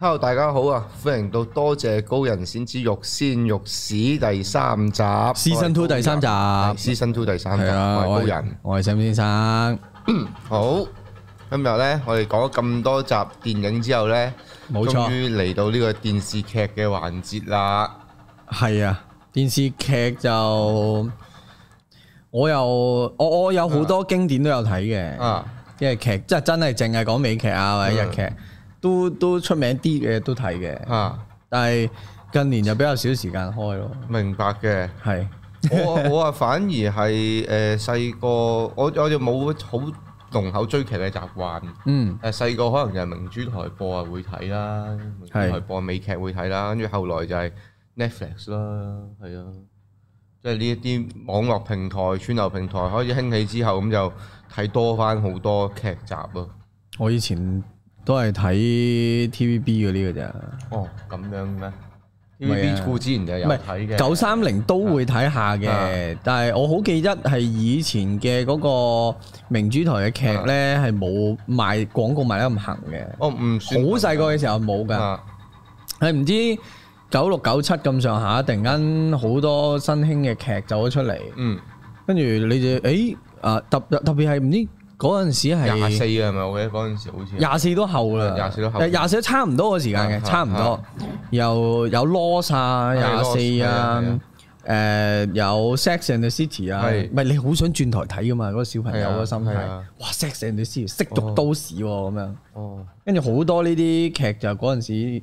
Hello 大家好啊，歡迎到多謝高人 cine 之慾 cine 慾史第三集《Season two》第三集《Season two》第，第三集的，我係高人，我係 Sam 先生。好，今日呢，我哋講咗咁多集電影之後呢，冇錯錯，終於嚟到呢個電視劇嘅環節啦。係啊，電視劇就我又我我有好多經典都有睇嘅啊，因為劇即係劇即係真係淨係講美劇啊，或者日劇。嗯都都出名啲嘅，都睇嘅嚇，啊、但係近年就比較少時間開咯。明白嘅，係是 我我啊反而係誒細個，呃、我我就冇好濃厚追劇嘅習慣。嗯，誒細個可能就係明珠台播啊會睇啦，明珠台播美劇會睇啦，跟住是後，後來就係 Netflix 啦，係啊，即係呢一啲網絡平台、串流平台開始興起之後，咁就睇多翻好多劇集咯。我以前。都係睇 TVB 嗰啲噶咋？哦，咁樣咩？TVB 固之然就係有睇嘅？唔係，九三零都會睇下嘅，但係我好記得係以前嘅嗰個明珠台嘅劇咧，係冇賣廣告賣得咁行嘅。哦，唔算。好細個嘅時候冇㗎。係唔知九六九七咁上下，突然間好多新興嘅劇走咗出嚟。嗯。跟住你就，誒啊特特別係唔知。嗰陣時係廿四啊，係咪？我記得嗰陣時好似廿四都後啦。廿四都後，廿四都差唔多個時間嘅，差唔多又有 Loss 啊，廿四啊，誒有 Sex and the City 啊，唔係你好想轉台睇噶嘛？嗰個小朋友個心態，哇！Sex and the City，色慾都市喎咁樣。哦，跟住好多呢啲劇就嗰陣時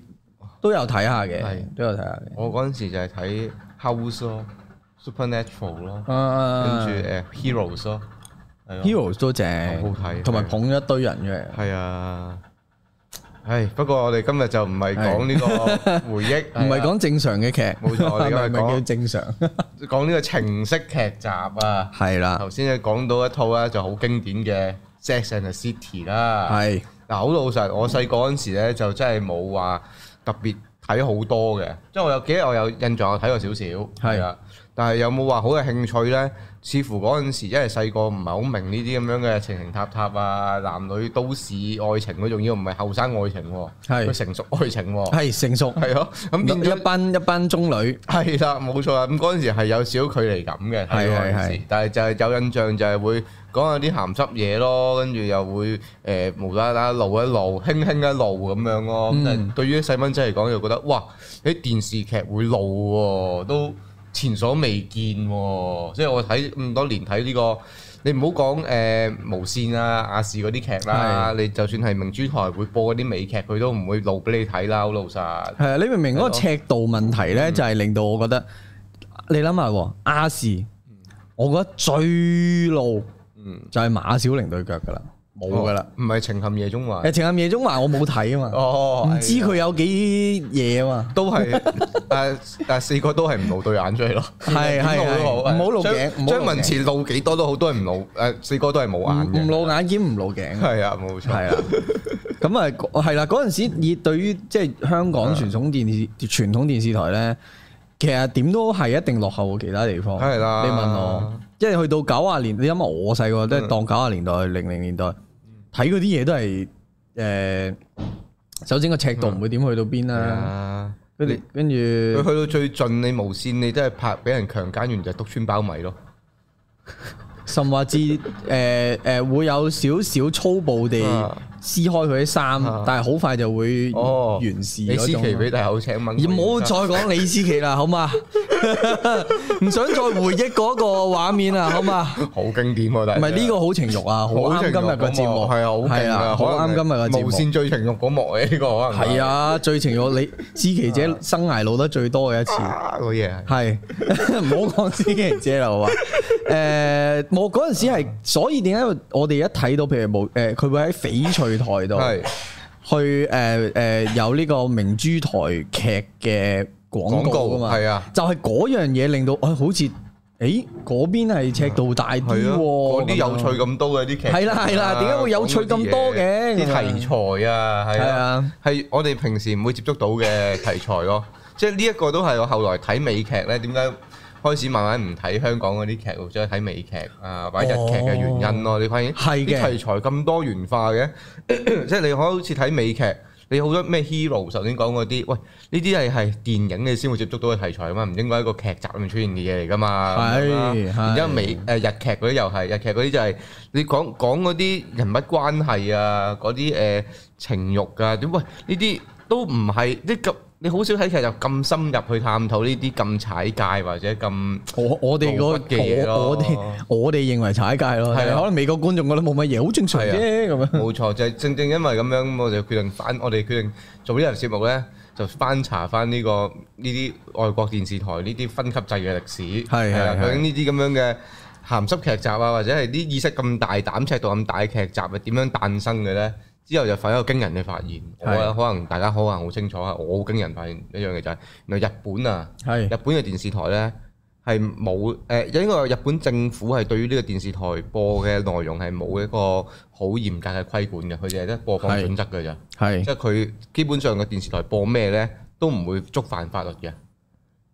都有睇下嘅，都有睇下嘅。我嗰陣時就係睇《House》咯，《Supernatural》咯，跟住誒《Heroes》咯。Heroes 都正，好好睇，同埋捧咗一堆人嘅。係啊，係不過我哋今日就唔係講呢個回憶，唔係講正常嘅劇，冇錯，呢個唔係叫正常，講呢個情色劇集啊。係啦，頭先你講到一套咧就好經典嘅《Sex and the City》啦。係嗱，好老實，我細個嗰陣時咧就真係冇話特別睇好多嘅，即係我有記得，我有印象，我睇過少少。係啊。但係有冇話好嘅興趣呢？似乎嗰陣時，因為細個唔係好明呢啲咁樣嘅情情塔塔啊，男女都市愛情佢仲要唔係後生愛情，係佢是成熟愛情喎。係成熟，係咯、啊。咁變咗一班一班中女。係啦，冇錯啊。咁嗰陣時係有少少距離感嘅，係、啊、但係就係有印象就係會講下啲鹹濕嘢咯，跟住又會誒、呃、無啦啦露一露，輕輕一露咁樣咯。咁、嗯、對於啲細蚊仔嚟講，又覺得哇，啲電視劇會露喎，都～都前所未見喎，即係我睇咁多年睇呢、個，你唔好講誒無線啊亞視嗰啲劇啦，是的 你就算係明珠台會播嗰啲美劇，佢都唔會露俾你睇啦，好老實。係啊，你明明嗰個尺度問題咧，是的 就係令到我覺得，嗯、你諗下亞視，我覺得最露，嗯，就係馬小玲對腳噶啦。冇噶啦，唔係《情陷夜中環》。《情陷夜中環》我冇睇啊嘛，唔知佢有幾嘢啊嘛。都係，但誒，四個都係唔露對眼出嚟咯。係係係，唔好露頸，張文慈露幾多都好，都係唔露。誒，四個都係冇眼。唔露眼兼唔露頸。係啊，冇錯。係啊，咁啊，係啦，嗰陣時以對於即係香港傳統電視、傳統電視台咧，其實點都係一定落後過其他地方。係啦，你問我，因為去到九啊年，你諗下我細個都係當九啊年代、零零年代。睇嗰啲嘢都係誒，首、呃、先個尺度唔會點去到邊啦，跟住跟住，佢去到最盡，你無線你都係拍俾人強姦完就督穿包米咯，甚或至誒誒、 呃呃、會有少少粗暴地、啊。撕開佢啲衫，但係好快就會完事。思琪俾大口請問，唔好再講李思琪啦，好嘛？唔想再回憶嗰個畫面啦，好嘛？好經典，但係唔係呢個好情慾啊？好啱今日嘅節目係啊，係啊，好啱今日嘅節目。無綫先最情慾嗰幕啊，呢個可能係啊，最情慾李思琪姐生涯攞得最多嘅一次嗰嘢係唔好講思琪姐啦，好嘛？誒，我嗰陣時係所以點解我哋一睇到譬如冇誒，佢會喺翡翠台度是去誒誒、呃呃、有呢個明珠台劇嘅廣告啊嘛，係啊，就係嗰樣嘢令到，哎、呃、好似，誒、欸、嗰邊係尺度大啲喎、啊，嗰啲、啊啊、有趣咁多嘅啲劇、啊，係啦，係啦，點解、啊、會有趣咁多嘅？啲題材啊，係啊，係、啊、我哋平時唔會接觸到嘅題材咯，即係呢一個都係我後來睇美劇咧，點解？開始慢慢唔睇香港嗰啲劇或者睇美劇啊，或者日劇嘅原因咯。哦、你發現啲的題材咁多元化嘅，即係、 就是、你好似睇美劇，你好多咩 hero，頭先講嗰啲，喂，呢啲係係電影你先會接觸到嘅題材啊嘛，唔應該係一個劇集裏面出現嘅嘢嚟㗎嘛。係的的然之後美日劇嗰啲又係，日劇嗰啲就係你講講嗰啲人物關係啊，嗰啲誒情慾啊，點，喂，呢啲都唔係即係咁。你好少睇劇集咁深入去探討呢啲咁踩界或者咁我我哋個嘅嘢咯，我哋我哋認為踩界咯，係、啊、可能美國觀眾覺得冇乜嘢，好正常啫咁、啊、咁樣。冇錯，就係、正正因為咁樣，我就決定翻我哋決定做呢樣節目咧，就翻查翻、這、呢個呢啲外國電視台呢啲分級制嘅歷史，係係，究竟呢啲咁樣嘅鹹濕劇集啊，或者係啲意識咁大膽、尺度咁大嘅劇集，係點樣誕生嘅咧？之後就發一個驚人嘅發現，是的 我可能大家可能好清楚啊。我好驚人發現一樣嘢就係，原來日本啊，是的 日本嘅電視台咧係冇誒，因為日本政府係對於呢個電視台播嘅內容係冇一個好嚴格嘅規管嘅，佢哋係得播放準則嘅咋，是的 即係佢基本上個電視台播咩咧都唔會觸犯法律嘅。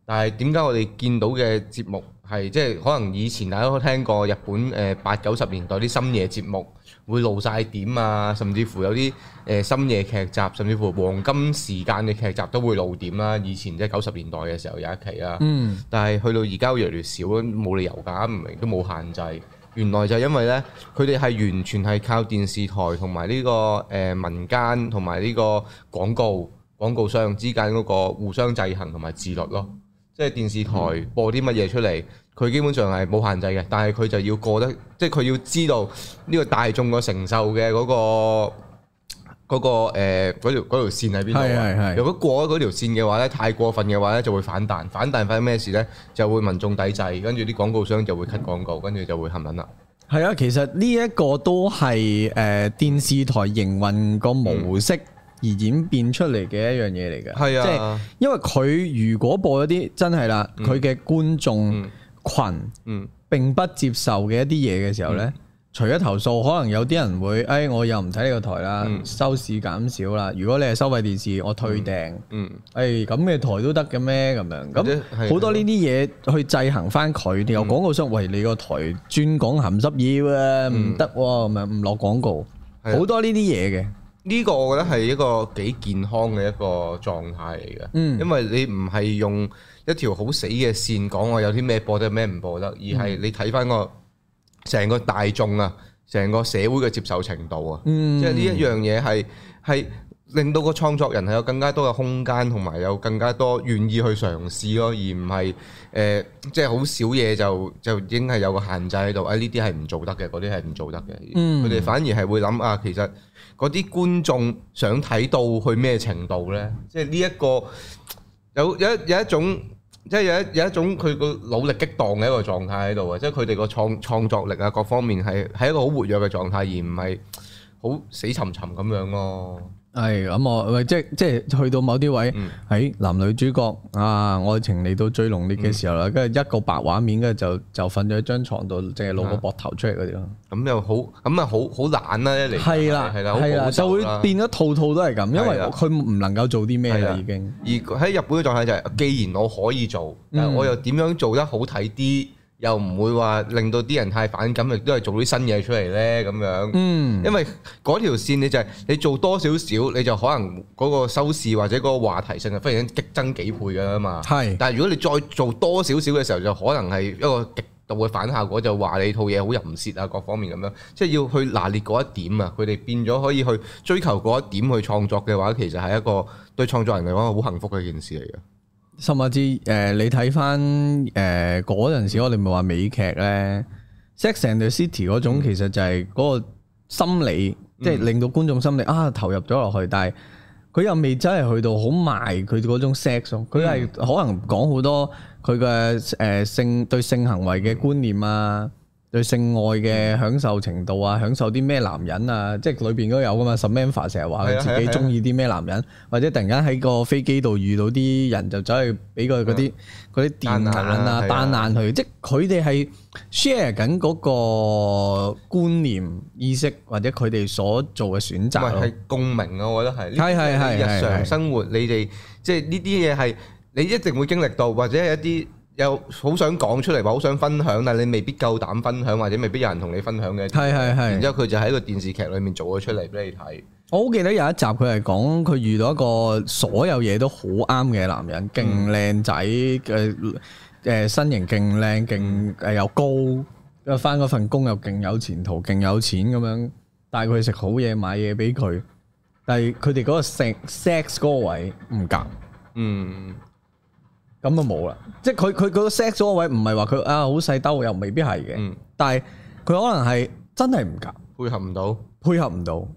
但係點解我哋見到嘅節目係即係可能以前大家都聽過日本誒八九十年代啲深夜節目？會露晒點啊，甚至乎有啲誒深夜劇集，甚至乎黃金時間嘅劇集都會露點啦、啊。以前即係九十年代嘅時候有一期啦、啊，嗯、但係去到而家越嚟越少，冇理由㗎，唔明都冇限制。原來就因為咧，佢哋係完全係靠電視台同埋呢個誒、呃、民間同埋呢個廣告廣告商之間嗰個互相制衡同埋自律咯。即係電視台播啲乜嘢出嚟，佢、嗯、基本上係冇限制嘅，但係佢就要過得，即係佢要知道呢個大眾個承受嘅嗰、嗰個嗰、嗰個誒嗰、呃、條，條線喺邊度。嗯、如果過咗嗰條線嘅話咧，太過分嘅話咧就會反彈，反彈發生咩事呢？就會民眾抵制，跟住啲廣告商就會 cut、嗯、廣告，跟住就會冚撚啦。係啊，其實呢一個都係誒、呃、電視台營運個模式。嗯而演變出嚟嘅一樣嘢嚟嘅，係啊、即係因為佢如果播一啲真係啦，佢嘅、嗯、觀眾羣、嗯嗯、並不接受嘅一啲嘢嘅時候咧，嗯、除咗投訴，可能有啲人會，誒我又唔睇呢個台啦，嗯、收視減少啦。如果你係收費電視，我退訂。誒咁嘅台都得嘅咩？咁樣咁好多呢啲嘢去制衡翻佢，哋、嗯。有廣告商為你個台專講鹹濕嘢喎，唔得喎，咪唔落廣告。好多呢啲嘢嘅。呢個我覺得係一個幾健康嘅一個狀態嚟嘅，嗯、因為你唔係用一條好死嘅線講我有啲咩播得、咩唔播得，而係你睇翻個成個大眾啊、成個社會嘅接受程度啊，嗯、即係呢一樣嘢係係令到個創作人係有更加多嘅空間，同埋有更加多願意去嘗試咯，而唔係誒即係好少嘢就就已經係有個限制喺度。誒呢啲係唔做得嘅，嗰啲係唔做得嘅。佢哋、嗯、反而係會諗啊，其實。嗰啲觀眾想睇到去咩程度呢？即係呢一個有有有一種即係、就是、有一有一種佢個腦力激盪嘅一個狀態喺度啊！即係佢哋個創創作力啊各方面係係一個好活躍嘅狀態，而唔係好死沉沉咁樣咯。係咁、哎、我，即即去到某啲位，喺、嗯哎、男女主角啊，愛情嚟到最濃烈嘅時候啦，跟住、嗯、一個白畫面嘅就就瞓咗喺張床度，淨係露個膊頭出嚟嗰啲咯。咁、啊、又好，咁啊好好懶啦一嚟。係啦係啦，就會變一套一套都係咁，因為佢唔能夠做啲咩啦已經。而喺日本嘅狀態就係、是，既然我可以做，但我又點樣做得好睇啲？嗯又唔會話令到啲人太反感，亦都係做啲新嘢出嚟呢。咁樣。嗯，因為嗰條線你就係你做多少少，你就可能嗰個收視或者嗰個話題性就忽然間激增幾倍嘅啊嘛。是但係如果你再做多少少嘅時候，就可能係一個極度嘅反效果，就話你套嘢好淫褻啊，各方面咁樣。即係要去拿捏嗰一點啊，佢哋變咗可以去追求嗰一點去創作嘅話，其實係一個對創作人嚟講好幸福嘅一件事嚟嘅。甚至誒、呃，你睇翻誒嗰陣時，我哋咪話美劇咧《Sex and the City》嗰種，嗯、其實就係嗰個心理，嗯、即係令到觀眾心理啊投入咗落去，但係佢又未真係去到好埋佢嗰種 sex，佢係可能講好多佢嘅誒性對性行為嘅觀念啊。性愛嘅享受程度啊，享受啲咩男人啊，即係裏邊都有噶嘛 Samantha 成日話佢自己中意啲咩男人，或者突然間喺個飛機度遇到啲人就走去俾佢嗰啲嗰啲電眼啊、彈眼佢，即係佢哋係 share 緊嗰個觀念意識或者佢哋所做嘅選擇，係共鳴啊！我覺得係呢啲係日常生活，你哋即係呢啲嘢係你一定會經歷到，或者係一啲。又好想講出嚟，好想分享，但係你未必夠膽分享，或者未必有人同你分享嘅。係係係。然之後佢就喺個電視劇裏面做咗出嚟俾你睇。我好記得有一集佢係講佢遇到一個所有嘢都好啱嘅男人，勁靚仔嘅，誒身形勁靚勁誒又高，返嗰份工又勁有前途，勁有錢咁樣，帶佢去食好嘢，買嘢俾佢，但係佢哋嗰個性 sex 嗰位唔夾，嗯。咁就冇啦，即係佢佢佢 set 咗位，唔係話佢啊好細兜又未必係嘅，嗯、但係佢可能係真係唔夾，配合唔到，配合唔到，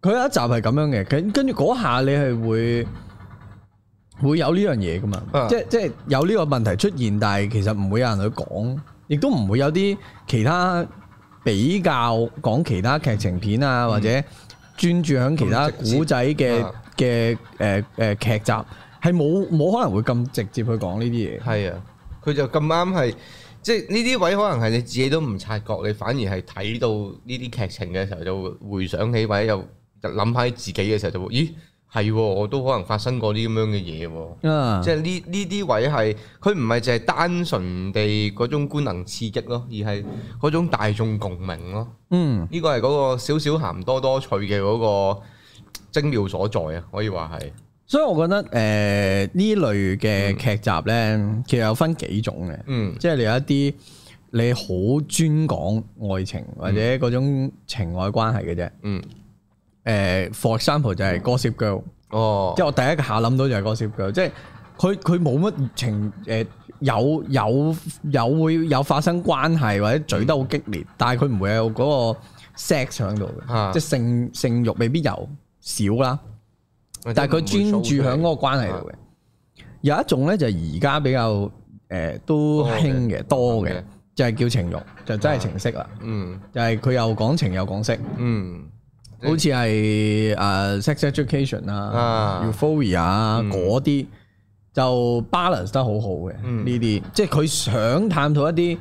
佢有一集係咁樣嘅，跟跟住嗰下你係會會有呢樣嘢㗎嘛，啊、即即係有呢個問題出現，但係其實唔會有人去講，亦都唔會有啲其他比較講其他劇情片啊，嗯、或者專注喺其他古仔嘅嘅誒誒劇集。係冇冇可能會咁直接去講呢啲嘢。係啊，佢就咁啱係，即係呢啲位可能係你自己都唔察覺，你反而係睇到呢啲劇情嘅時候，就會回想起或者又諗翻起自己嘅時候就會，就咦係、啊，我都可能發生過啲咁樣嘅嘢。嗯、uh.，即係呢呢啲位係，佢唔係淨係單純地嗰種官能刺激咯，而係嗰種大眾共鳴咯。嗯，呢個係嗰個少少咸多多趣嘅嗰個精妙所在啊，可以話係。所以我覺得誒、呃、呢類嘅劇集咧，其實有分幾種嘅，嗯、即係你有一啲你好專講愛情或者嗰種情愛關係嘅啫。誒、嗯呃、，for example 就係 Gossip Girl，即係我第一下諗到就係 Gossip Girl 即係佢佢冇乜情誒、呃、有有有會有,有發生關係或者嘴得好激烈，但係佢唔會有嗰個 sex 喺度嘅，啊、即係性性欲未必有少啦。但係佢專注喺嗰個關係度嘅，有一種咧就係而家比較誒都興嘅多嘅，就係叫情慾，就真係情色啦。嗯，就係佢又講情又講色。嗯，好似係誒 sex education 啊、euphoria 啊嗰啲，就 balance 得好好嘅呢啲，即係佢想探討一啲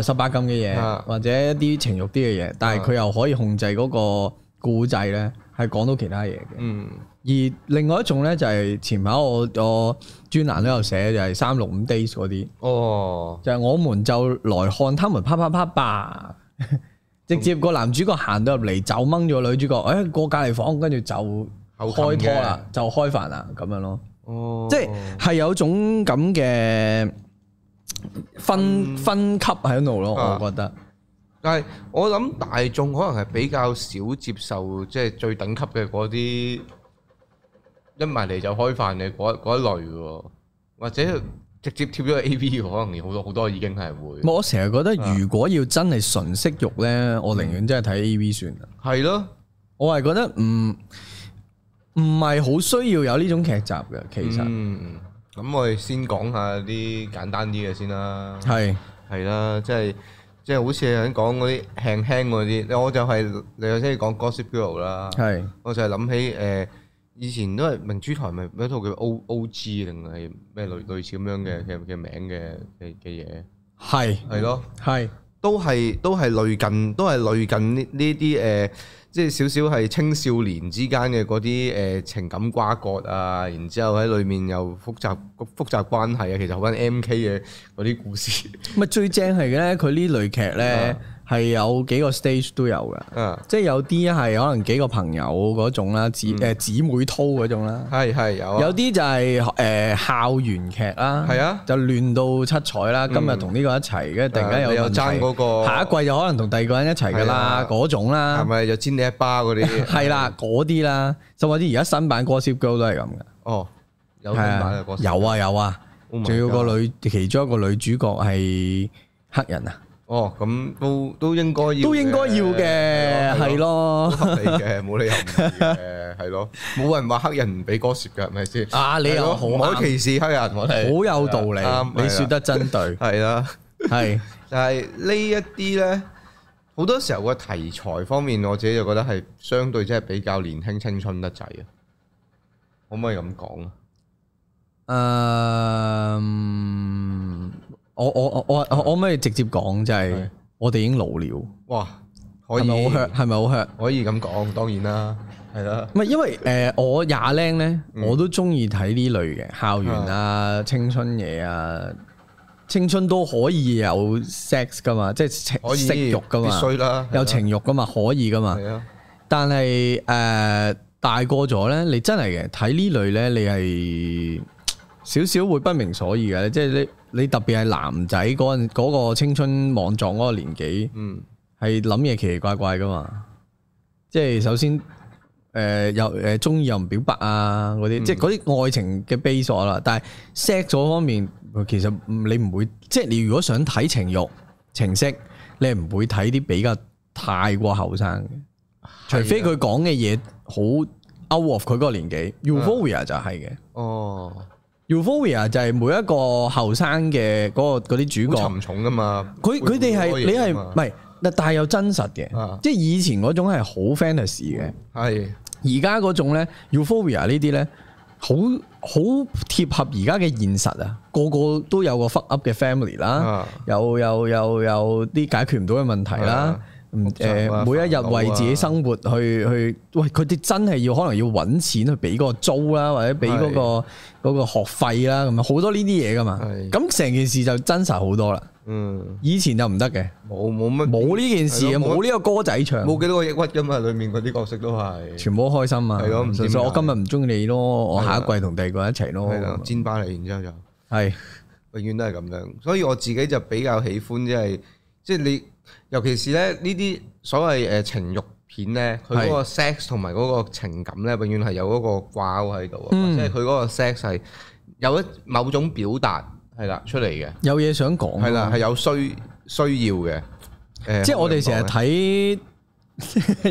誒十八禁嘅嘢，或者一啲情慾啲嘅嘢，但係佢又可以控制嗰個故仔咧，係講到其他嘢嘅。嗯。而另外一種咧，就係、是、前排我我專欄都有寫，就係三六五 days 嗰啲哦，就係我們就來看他們啪啪啪吧， 直接個男主角行到入嚟，就掹咗女主角，哎過隔離房，跟住就開拖啦，就開飯啦，咁樣咯，哦、即係係有種咁嘅分分級喺度咯，嗯、我覺得。但係我諗大眾可能係比較少接受，即、就、係、是、最等級嘅嗰啲。一埋嚟就開飯嘅嗰嗰一類，或者直接跳咗 A V，可能好多好多已經係會。我成日覺得如果要真係純色欲咧，我寧願真係睇 A V 算啦。係咯，我係覺得唔唔係好需要有呢種劇集嘅。其實，咁我哋先講下啲簡單啲嘅先啦。係係啦，即係即係好似啱講嗰啲輕輕嗰啲，我就係你頭先講 Gossip Girl 啦。係，我就係諗起誒。以前都係明珠台咪有一套叫 O O G 定係咩類類似咁樣嘅嘅嘅名嘅嘅嘅嘢，係係咯，係的是都係都係類近都係類近呢呢啲誒，即係少少係青少年之間嘅嗰啲誒情感瓜葛啊，然之後喺裏面又複雜個複雜關係啊，其實好近 M K 嘅嗰啲故事、嗯。咪最正係嘅咧，佢呢類劇咧。啊係有幾個 stage 都有嘅，即係有啲係可能幾個朋友嗰種啦，姊誒姊妹淘嗰種啦，係係有，有啲就係誒校園劇啦，係啊，就亂到七彩啦，今日同呢個一齊，跟住突然間又有爭嗰個，下一季就可能同第二個人一齊噶啦嗰種啦，係咪又尖你一巴嗰啲？係啦，嗰啲啦，甚至而家新版《Gossip Girl》都係咁嘅。哦，有新版嘅《Gossip Girl》有啊有啊，仲要個女其中一個女主角係黑人啊。哦，咁都都應該要，都應該要嘅，係咯，合理嘅，冇理由唔要嘅，係咯，冇人話黑人唔俾哥攝嘅，係咪先？啊，你又好，唔好歧視黑人，我哋好有道理，啱，你説得真對，係啦，係，就係呢一啲咧，好多時候個題材方面，我自己就覺得係相對即係比較年輕、青春得滯啊，可唔可以咁講啊？嗯。我我我我我可唔可以直接講，就係我哋已經老了。哇，係咪好 hurt？係咪好 hurt？可以咁講，當然啦，係啦。唔係因為誒、呃，我廿零咧，嗯、我都中意睇呢類嘅校園啊、青春嘢啊。青春都可以有 sex 噶嘛，即係情色欲噶嘛，有情欲噶嘛，可以噶嘛。係啊的，但係誒、呃、大個咗咧，你真係嘅睇呢類咧，你係少少會不明所以嘅，即、就、係、是、你。你特別係男仔嗰陣個青春莽撞嗰個年紀，係諗嘢奇奇怪怪噶嘛？即係首先，誒、呃、又誒中意又唔表白啊嗰啲，嗯、即係嗰啲愛情嘅基礎啦。但係 sex 咗方面，其實你唔會，即係你如果想睇情慾情色，你係唔會睇啲比較太過後生嘅，的除非佢講嘅嘢好 out of 佢嗰個年紀。Ufoia 就係嘅。哦。Euphoria 就係每一個後生嘅嗰個啲主角沉重噶嘛，佢佢哋係你係唔係嗱，但係又真實嘅，啊、即係以前嗰種係好 fantasy 嘅，係而家嗰種咧 Euphoria 呢啲咧，好好貼合而家嘅現實啊，個個都有個 fuck up 嘅 family 啦，啊，有有有有啲解決唔到嘅問題啦。啊啊誒，每一日為自己生活去去，喂，佢哋真係要可能要搵錢去俾嗰個租啦，或者俾嗰個嗰個學費啦，咁樣好多呢啲嘢噶嘛，咁成件事就真實好多啦。嗯，以前就唔得嘅，冇冇乜冇呢件事，冇呢個歌仔唱，冇幾多個抑鬱噶嘛，裏面嗰啲角色都係全部開心啊。係咯，我今日唔中意你咯，我下一季同第二個一齊咯。煎巴你，然之後就係永遠都係咁樣。所以我自己就比較喜歡，即係即係你。尤其是咧呢啲所謂誒情慾片咧，佢嗰個 sex 同埋嗰個情感咧，永遠係有嗰個掛喺度啊，即係佢嗰個 sex 係有一某種表達係啦出嚟嘅，有嘢想講係啦，係有需需要嘅，即係我哋成日睇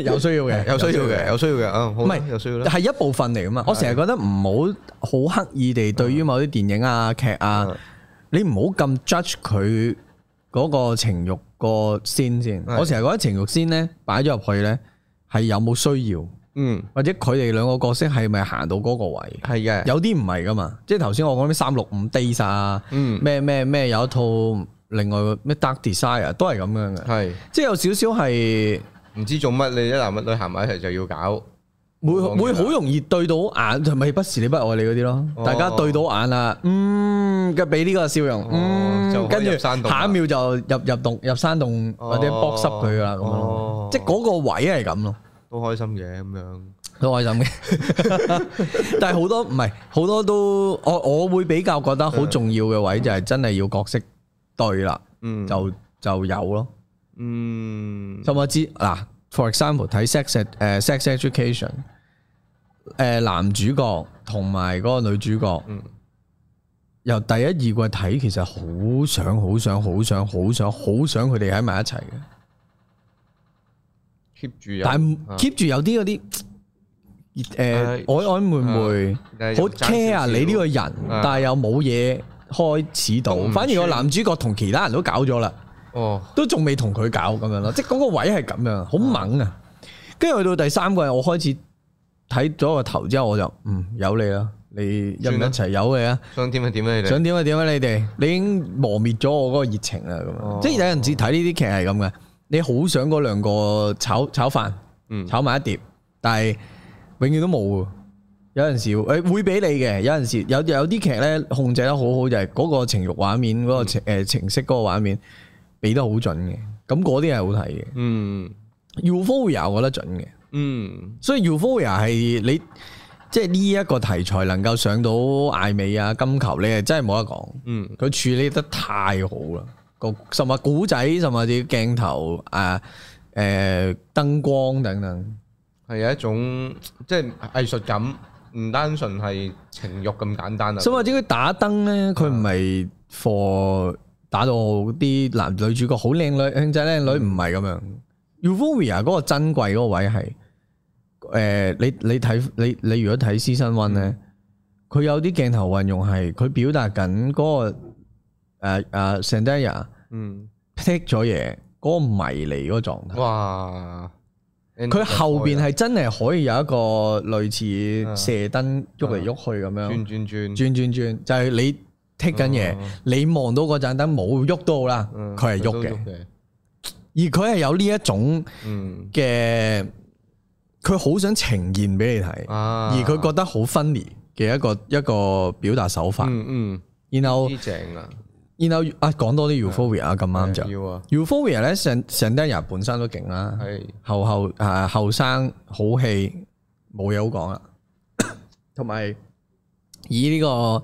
有需要嘅，嗯、 有需要嘅， 有需要嘅啊，唔係有需要啦，係是一部分嚟啊嘛。的我成日覺得唔好好刻意地對於某啲電影啊劇啊，的你唔好咁 judge 佢嗰個情慾。個 scene 先，的我成日覺得情欲 scene 咧擺咗入去咧係有冇需要，嗯，或者佢哋兩個角色係咪行到嗰個位？係嘅的，有啲唔係噶嘛，即係頭先我講啲三六五 days 啊，嗯，咩咩咩有一套另外咩 Dark Desire 啊，都係咁樣嘅，係的，即係有少少係唔知做乜，你一男一女行埋一齊就要搞。會會好容易對到眼，係咪不時你不愛你嗰啲咯？哦、大家對到眼啦，嗯嘅俾呢個笑容，嗯、哦，跟住下一秒就入入洞入，入山洞或者剝濕佢噶啦，咁即係嗰個位係咁咯。都開心嘅咁樣，都開心嘅。 但係好多唔係好多都，我我會比較覺得好重要嘅位就係真係要角色對啦，嗯，就就有咯，嗯。咁我知嗱。For example，睇 sex，sex education，誒、男主角同埋嗰個女主角，嗯、由第一二季睇，其實好想、好想、好想、好想、好想佢哋喺埋一齊嘅。keep 住，但 keep 住有啲嗰啲誒，曖曖昧昧，好 care 啊你呢個人，啊、但係又冇嘢開始到，反而個男主角同其他人都搞咗啦。哦，都仲未同佢搞咁樣咯，即係嗰個位係咁樣，好猛啊！跟住去到第三季，我開始睇咗個頭之後，我就嗯有你啦，你一唔一齊有你啊？想點啊？點啊？你哋想點啊？點啊？你哋，你已經磨滅咗我嗰個熱情喇！咁啊，哦、即係有陣時睇呢啲劇係咁嘅，你好想嗰兩個炒炒飯，炒埋一碟，嗯、但係永遠都冇。有陣時誒會俾你嘅，有陣時有有啲劇咧控制得好好，就係、是、嗰個情慾畫面，嗰、那個情誒情色嗰個畫面。嗯俾得好準嘅，咁嗰啲係好睇嘅。嗯，Euphoria 我覺得準嘅。嗯，所以 Euphoria 係你即係呢一個題材能夠上到艾美啊、金球，你係真係冇得講。嗯，佢處理得太好啦，個甚物古仔，甚至係鏡頭啊，誒、呃、燈光等等，係有一種即係藝術感，唔單純係情欲咁簡單啦。嗯、甚至乎打燈咧，佢唔係 for。打到啲男女主角好靚女，靚仔靚女唔係咁樣。嗯、Euphoria 嗰個珍貴嗰個位係，誒、呃，你你睇你你如果睇《獅身瘟》咧，佢有啲鏡頭運用係，佢表達緊嗰個誒誒，Zendaya 嗯，劈咗嘢，嗰、呃呃嗯嗰個迷離嗰個狀態。哇！佢後邊係真係可以有一個類似射燈喐嚟喐去咁樣，轉轉轉轉轉轉，就係、是、你。剔緊嘢，你望到嗰盞燈冇喐都好啦，佢係喐嘅，而佢係有呢一種嘅，佢好想呈現俾你睇，而佢覺得好分離嘅一個一個表達手法。嗯嗯，然後，然後啊，講多啲 euphoria 啊，咁啱就 euphoria 咧，成成 day 人本身都勁啦，係後後啊後生好氣冇嘢好講啦，同埋以呢個。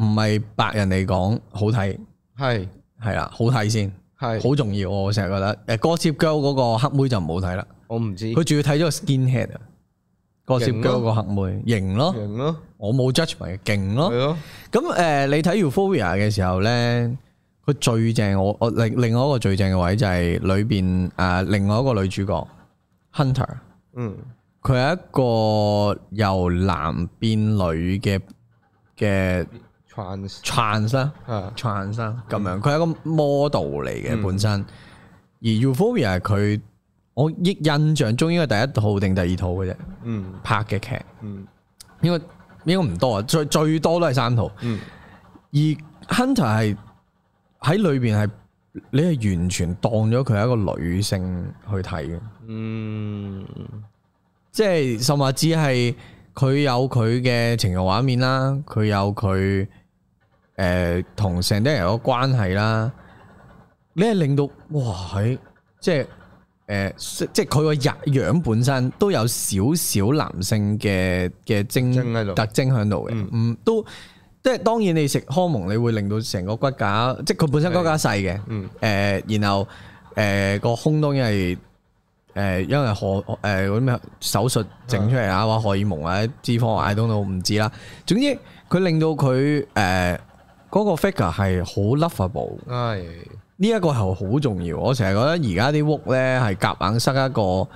唔係白人嚟講好睇，係係啦，好睇先，係好重要。我成日覺得誒，Gossip Girl 嗰個黑妹就唔好睇啦。我唔知，佢仲要睇咗個 skinhead，Gossip Girl 嗰個黑妹型咯，型咯。我冇 judgement，勁咯。咁誒，你睇《Euphoria》嘅時候咧，佢最正我我另另外一個最正嘅位就係裏邊誒另外一個女主角 Hunter，嗯，佢係一個由男變女嘅嘅。Trans，Trans 咁樣，佢係一個 model 嚟嘅本身。嗯、而 Euphoria 佢，我憶印象中應該第一套定第二套嘅啫。嗯，拍嘅劇，嗯，應該應該唔多啊，最最多都係三套。嗯，而 Hunter 係喺裏邊係，你係完全當咗佢係一個女性去睇嘅。嗯，即係，甚至係佢有佢嘅情欲畫面啦，佢有佢。誒，同成啲人個關係啦，你係令到哇喺即係誒、呃，即係佢個樣本身都有少少男性嘅嘅徵喺度，特徵喺度嘅。嗯，嗯，都即係當然你食康蒙你會令到成個骨架，即係佢本身骨架細嘅。誒、嗯呃，然後誒、呃那個胸都因為誒因為、呃、因為荷誒嗰啲咩手術整出嚟啊對，或者荷爾蒙啊，啲脂肪啊，都都唔知啦。總之佢令到佢誒。嗰個 figure 係好 loveable，係呢一個係好重要。我成日覺得而家啲屋咧係夾硬塞一個唔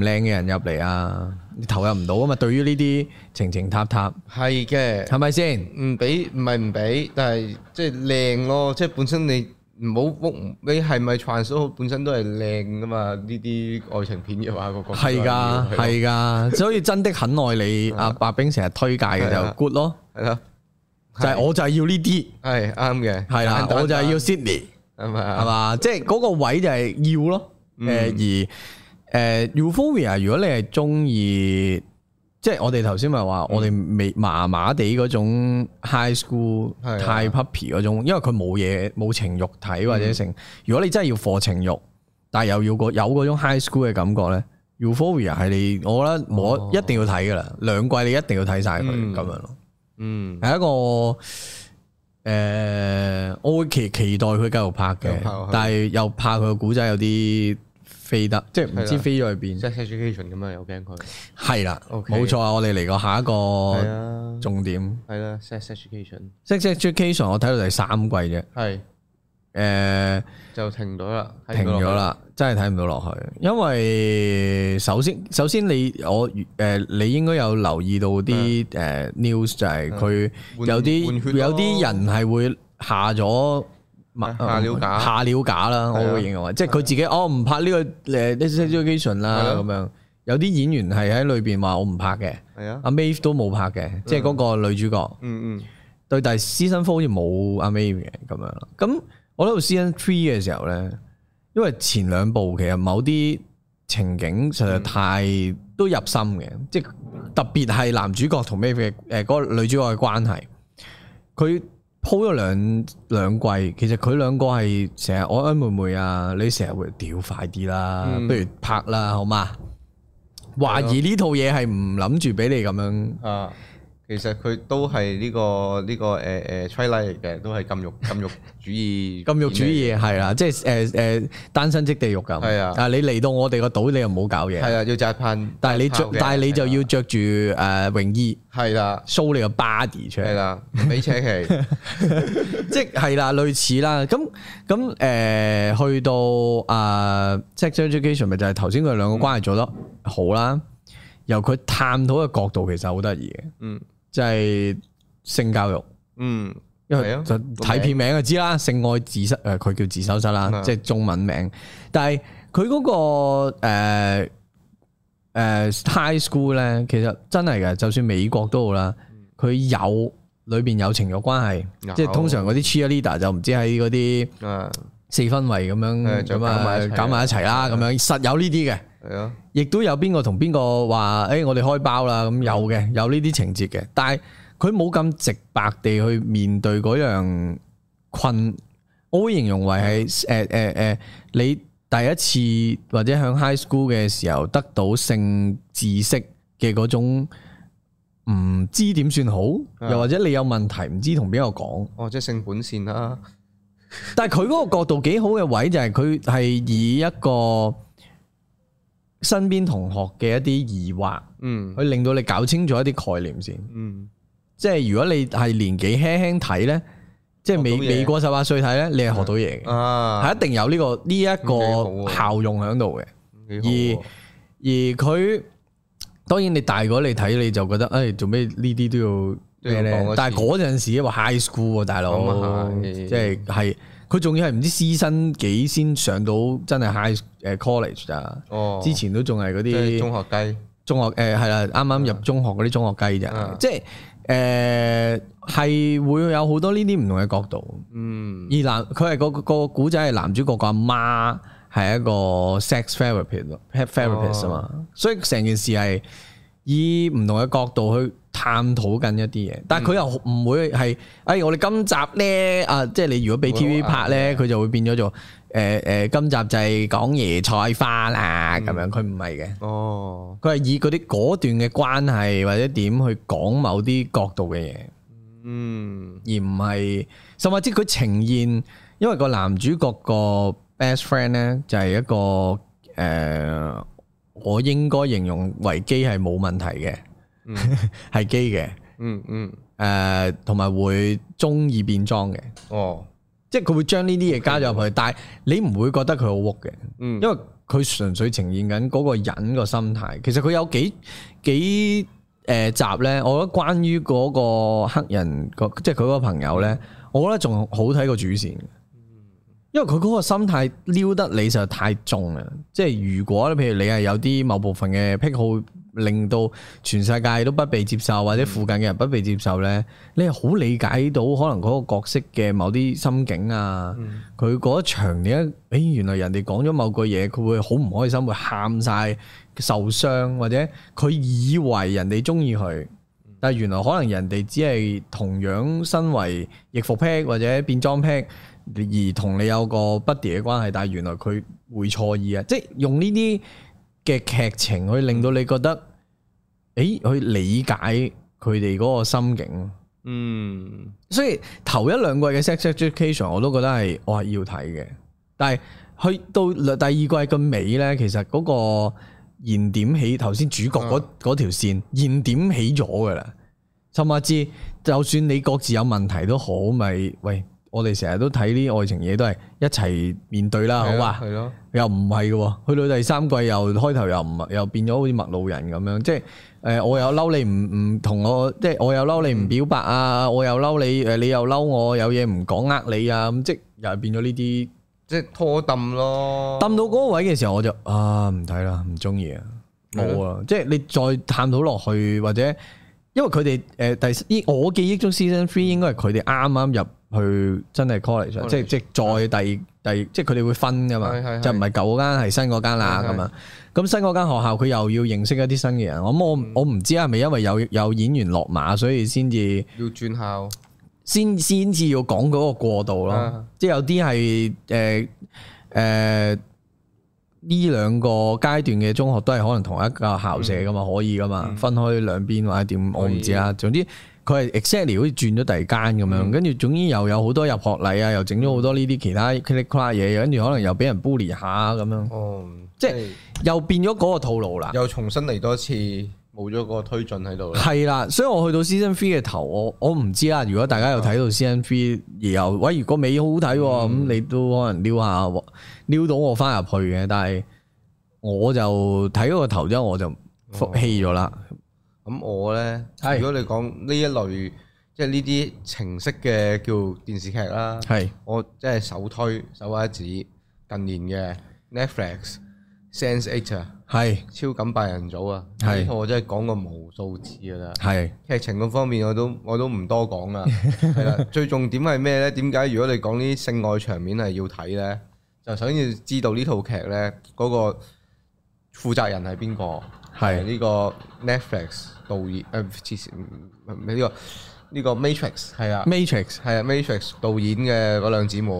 靚嘅人入嚟啊！你投入唔到啊嘛。對於呢啲情情塔塔，係嘅，係咪先？唔俾，唔係唔俾，但係即係靚咯。即係本身你唔好屋，你係咪傳 s 本身都係靚噶嘛。呢啲愛情片嘅話，個角係噶，係噶。所以真的很愛你。阿白兵成日推介嘅就 good 咯，係啊。就係我就係要呢啲，係啱嘅，係啦，我就係要 Sydney，係嘛，即係嗰個位就係要咯，誒而誒 Euphoria，如果你係中意，即係我哋頭先咪話，我哋未麻麻地嗰種 high school 太 puppy 嗰種，因為佢冇嘢冇情欲睇或者成。如果你真係要課程欲，但係又要個有嗰種 high school 嘅感覺咧，Euphoria 係你，我覺得冇一定要睇噶啦，兩季你一定要睇晒佢咁樣咯。嗯，係一個誒、呃，我會期期待佢繼續拍嘅，但係又怕佢個古仔有啲飛得，即係唔知飛咗去邊。Sex Education 咁樣，又驚佢係啦，冇錯啊！我哋嚟個下一個重點係啦，Sex Education，Sex Education 我睇到第三季啫，係。誒，就停咗啦，停咗啦，真係睇唔到落去。因為首先，首先你我誒，你應該有留意到啲誒 news，就係佢有啲有啲人係會下咗下咗假下咗假啦，我會形容即係佢自己哦唔拍呢個誒，disintegration 啦咁樣。有啲演員係喺裏邊話我唔拍嘅，係啊，阿 Maeve 都冇拍嘅，即係嗰個女主角。嗯嗯，對，但係私生科好似冇阿 Maeve 嘅咁樣，咁。我呢度 C N Three 嘅時候咧，因為前兩部其實某啲情景實在太、嗯、都入心嘅，即係特別係男主角同咩誒，個女主角嘅關係，佢鋪咗兩兩季，其實佢兩個係成日曖曖昧昧啊，你成日會屌快啲啦，不如拍啦，好嘛？懷疑呢套嘢係唔諗住俾你咁樣。嗯啊其實佢都係呢個呢個誒誒 china 嚟嘅，都係禁欲禁欲主義，禁欲主義係啦，即係誒誒單身即地獄咁。係啊，但係你嚟到我哋個島，你又唔好搞嘢。係啊，要摘噴，但係你着，但係你就要着住誒泳衣。係啦，show 你個 body 出嚟。係啦，唔俾扯旗，即係啦，類似啦。咁咁誒，去到啊，即係 education 咪就係頭先佢兩個關係做得好啦。由佢探討嘅角度，其實好得意嘅。嗯。即係性教育，嗯，因為就睇片名就知啦，嗯，性愛自修，誒、呃，佢叫自修室啦，嗯、即係中文名。但係佢嗰個誒誒、呃呃、high school 咧,其實真係嘅，就算美國都好啦，佢有裏邊有情欲關係，有即係通常嗰啲 cheerleader 就唔知喺嗰啲。嗯四分圍咁樣，咁啊，搞埋一齊啦，咁的樣實有呢啲嘅，亦的都有邊個同邊個話，誒的、哎，我哋開包啦，咁有嘅，有呢啲情節嘅，但係佢冇咁直白地去面對嗰樣困，的我會形容為係，誒誒誒，你第一次或者喺 high school 嘅時候得到性知識嘅嗰種唔知點算好，又的或者你有問題唔知同邊個講，哦，即係性本善啦。但係佢嗰個角度幾好嘅位就係佢係以一個身邊同學嘅一啲疑惑，嗯，去令到你搞清楚一啲概念先，嗯，即係如果你係年紀輕輕睇咧，即係未未過十八歲睇咧，你係學到嘢嘅，係、啊、一定有呢、個呢一、個效用喺度嘅，而而佢當然你大咗你睇，你就覺得，哎，做咩呢啲都要。但係嗰陣時因為 high school 啊，大佬、oh, okay.，即係係佢仲要係唔知私生幾先上到真係 high 誒 college 咋？哦，oh, 之前都仲係嗰啲中學雞，中學誒係啦，啱、呃、啱入中學嗰啲中學雞咋？即係誒係會有好多呢啲唔同嘅角度，嗯，oh. 而男佢係、嗰個、嗰個古仔係男主角個阿媽係一個 sex therapist 咯，therapist 啊嘛，所以成件事係以唔同嘅角度去。探討緊一啲嘢，但係佢又唔會係，哎，我哋今集咧啊，即係你如果俾 TV 拍咧，佢就會變咗做，誒誒，今集就係講椰菜花啊咁樣，佢唔係嘅，哦，佢係以嗰啲嗰段嘅關係或者點去講某啲角度嘅嘢，嗯，而唔係，甚至乎佢呈現，因為個男主角個 best friend 咧就係一個，誒，我應該形容維基係冇問題嘅。係 gay 嘅。嗯嗯，誒，同埋會中意變裝嘅，哦，即係佢會將呢啲嘢加入去，但係你唔會覺得佢好污嘅，嗯，因為佢純粹呈現緊嗰個人個心態。其實佢有幾幾誒、呃、集咧，我覺得關於嗰個黑人即係佢個朋友咧，我覺得仲好睇過主線，因為佢嗰個心態撩得你實在太重啦，即係如果咧，譬如你係有啲某部分嘅癖好。令到全世界都不被接受，或者附近嘅人不被接受咧，嗯、你係好理解到可能嗰個角色嘅某啲心境啊，佢嗰、嗯、一場咧，誒、欸、原來人哋講咗某句嘢，佢會好唔開心，會喊晒受傷或者佢以為人哋中意佢，嗯、但係原來可能人哋只係同樣身為易服癖或者變裝癖而同你有個不敵嘅關係，但係原來佢會錯意啊！即、就、係、是、用呢啲嘅劇情去令到你覺得。嗯誒，可、欸、理解佢哋嗰個心境嗯，所以頭一兩季嘅 Sex Education 我都覺得係我係要睇嘅。但係去到第二季嘅尾咧，其實嗰個燃點起，頭先主角嗰嗰條線燃點起咗噶啦。甚至就算你各自有問題都好，咪喂。我哋成日都睇啲愛情嘢，都係一齊面對啦，好嘛？係咯，又唔係嘅，去到第三季又開頭又唔係又變咗好似陌路人咁樣，即係誒、呃，我又嬲你唔唔同我，即係、嗯、我又嬲你唔表白啊，我又嬲你誒，你又嬲我有嘢唔講呃你啊，咁即係又變咗呢啲，即係拖揼咯，揼到嗰個位嘅時候我就啊唔睇啦，唔中意啊，冇啊，的即係你再探討落去或者，因為佢哋誒第依我記憶中 season three 應該係佢哋啱啱入。去真係 college 上，即即再第第，即佢哋會分噶嘛，就唔係舊嗰間係新嗰間啦咁樣。咁新嗰間學校佢又要認識一啲新嘅人，咁我我唔知係咪因為有有演員落馬，所以先至要轉校，先先至要講嗰個過渡咯。即有啲係誒誒呢兩個階段嘅中學都係可能同一個校舍噶嘛，可以噶嘛，分開兩邊或者點，我唔知啊。總之。佢係 exactly 好似轉咗第二間咁樣，跟住總之又有好多入學禮啊，又整咗好多呢啲其他 l c 佢哋跨嘢，跟住可能又俾人 bully 下咁樣，哦、即係又變咗嗰個套路啦、嗯，又重新嚟多次，冇咗個推進喺度。係啦，所以我去到 Season Three 嘅頭，我我唔知啊。如果大家有睇到 Season Three，而又喂如果尾好好睇咁，你都可能撩下撩到我翻入去嘅。但係我就睇嗰個頭之後，我就服氣咗啦。哦咁我咧，是如果你講呢一類，即係呢啲情色嘅叫電視劇啦，係是我即係首推首屈一指近年嘅 Netflix Sense Eight 啊是，係超感八人組啊，係是我真係講過無數次噶啦，係劇是情嗰方面我都我都唔多講啦，係啦， 最重點係咩咧？點解如果你講呢啲性愛場面係要睇咧，就想要知道劇呢套劇咧嗰個負責人係邊個？係呢個 Netflix。導演誒，呢個呢個 Matrix 係啊，Matrix 係啊，Matrix 導演嘅嗰兩姊妹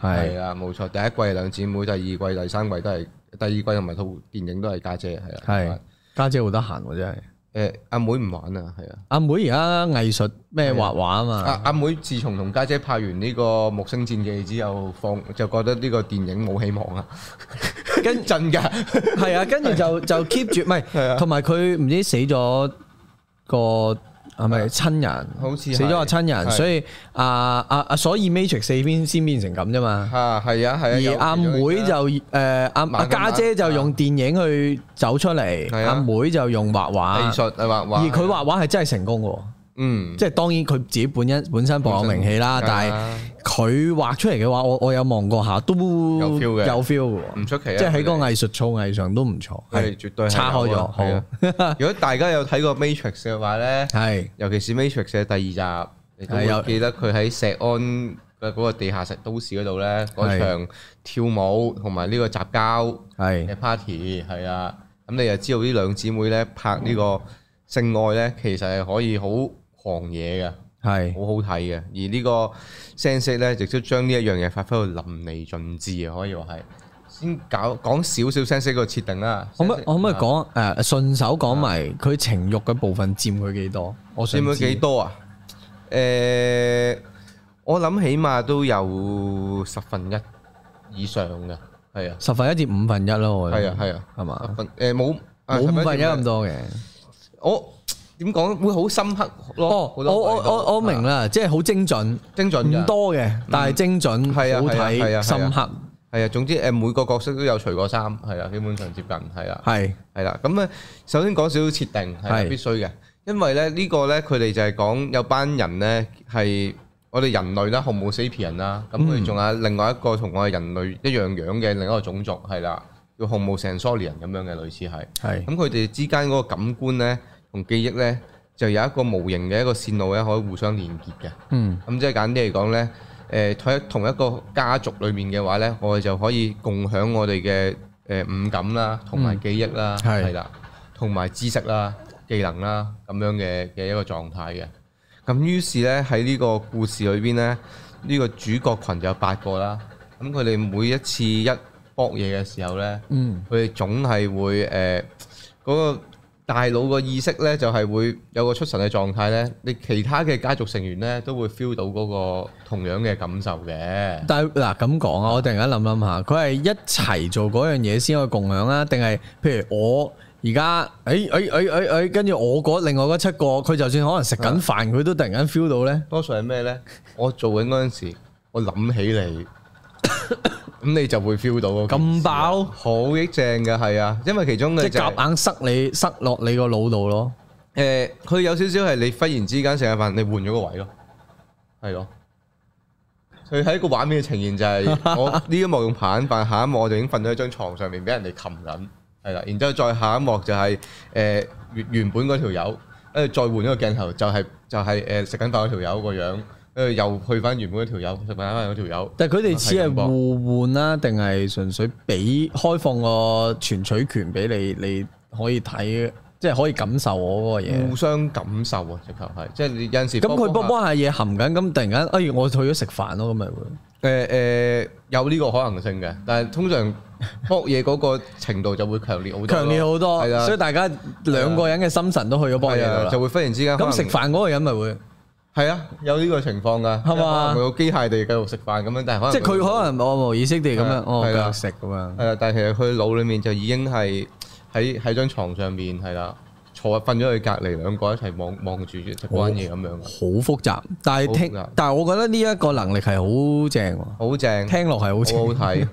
係啊，冇錯，第一季兩姊妹，第二季第三季都係，第二季同埋套電影都係家姐係啊，係家姐好得閒喎，真係誒，阿妹唔玩啊，係啊，阿妹而家藝術咩畫畫啊嘛，阿阿妹自從同家姐拍完呢個木星戰記之後，放就覺得呢個電影冇希望 啊，跟進噶，係啊，跟住就就 keep 住，唔係，同埋佢唔知死咗。個係咪親人？好似死咗個親人，啊所、呃，所以啊啊啊，所以 Matrix 四篇先變成咁啫嘛。啊，係啊，係。而阿妹就誒、啊呃，阿阿家姐就用電影去走出嚟，啊、阿妹就用畫畫。藝術係畫畫，畫畫而佢畫畫係真係成功喎。嗯，即係當然佢自己本身本身頗有名氣啦，氣但係佢畫出嚟嘅話，我我有望過下，都有 feel 嘅，有 feel，唔出奇，即係喺個藝術造詣上都唔錯，係絕對，差開咗，係啊。如果大家有睇過 Matrix 嘅話咧，係， 尤其是 Matrix 嘅第二集，你仲有記得佢喺錫安嘅嗰個地下石都市嗰度咧，嗰、那個、場跳舞同埋呢個雜交係 party，係啊，咁你又知道呢兩姊妹咧拍呢個性愛咧，其實係可以好。狂野嘅係，好好睇嘅。而個聲呢個聲色咧，直接將呢一樣嘢發揮到淋漓盡致啊！可以話係，先搞講少少聲色個設定啦。可唔、嗯、可以？可唔可講誒？順手講埋佢情欲嘅部分占佢幾多？我占咗幾多啊？誒、呃，我諗起碼都有十分一以上嘅。係啊，十分一至五分一咯。係啊，係啊，係嘛？分誒，冇、呃、冇、哎、五分一咁多嘅。我。點講會好深刻咯？我我我我明啦，即係好精準，精準唔多嘅，但係精準係啊，係啊，好睇，深刻係啊。總之誒，每個角色都有除過衫，係啊，基本上接近係啦，係係啦。咁啊，首先講少少設定係必須嘅，因為咧呢個咧佢哋就係講有班人咧係我哋人類啦，紅毛 C P 人啦，咁佢仲有另外一個同我哋人類一樣樣嘅另一個種族係啦，叫紅毛成疏離人咁樣嘅，類似係係。咁佢哋之間嗰個感官咧，同記憶呢，就有一個無形嘅一個線路呢，可以互相連結嘅。嗯，咁即係簡單嚟講呢，誒、呃、喺同一個家族裏面嘅話呢，我哋就可以共享我哋嘅誒五感啦，同埋記憶啦，係啦、嗯，同埋知識啦、技能啦咁樣嘅嘅一個狀態嘅。咁於是呢，喺呢個故事裏邊呢，呢、這個主角群就有八個啦。咁佢哋每一次一搏嘢嘅時候呢，佢哋、嗯、總係會誒嗰、呃那個大佬個意識咧，就係會有個出神嘅狀態咧。你其他嘅家族成員咧，都會 feel 到嗰個同樣嘅感受嘅。但係嗱咁講啊，我突然間諗諗下，佢係一齊做嗰樣嘢先可以共享啊，定係譬如我而家，哎哎哎哎哎，跟住我嗰另外嗰七個，佢就算可能食緊飯，佢都突然間 feel 到咧，多數係咩咧？我做緊嗰陣時，我諗起你。咁你就會 feel 到咯，咁飽，好益正嘅，係啊，因為其中嘅、就是、即夾硬，硬塞你塞落你個腦度咯。誒、呃，佢有少少係你忽然之間食下飯，你換咗個位咯，係咯。佢喺個畫面嘅呈現就係、是， 我呢一幕用棒，飯，下一幕我就已經瞓咗喺張床上面俾人哋擒緊，係啦。然之後再下一幕就係誒原原本嗰條友，跟住再換咗個鏡頭、就是，就係、是、就係誒食緊飯嗰條友個樣。誒又去翻原本嗰條友食飯，翻嗰條友。但係佢哋只係互換啦，定係純粹俾開放個存取權俾你，你可以睇，即係可以感受我嗰個嘢。互相感受啊！直頭係，即係你有時搬搬。咁佢幫幫下嘢含緊，咁突然間，哎呀，我去咗食飯咯，咁咪會。誒誒、呃呃，有呢個可能性嘅，但係通常幫嘢嗰個程度就會強烈好多， 多，強烈好多。所以大家兩個人嘅心神都去咗幫嘢，就會忽然之間、嗯。咁食飯嗰個人咪會？係啊，有呢個情況噶，係嘛？佢有機械地繼續食飯咁樣，但係即係佢可能無意識地咁樣，哦，食咁樣。係啊，但係其實佢腦裏面就已經係喺喺張床上面係啦，坐瞓咗喺隔籬，兩個一齊望望住關嘢咁樣。好複雜，但係聽，但係我覺得呢一個能力係好正，好正，聽落係好清，好睇。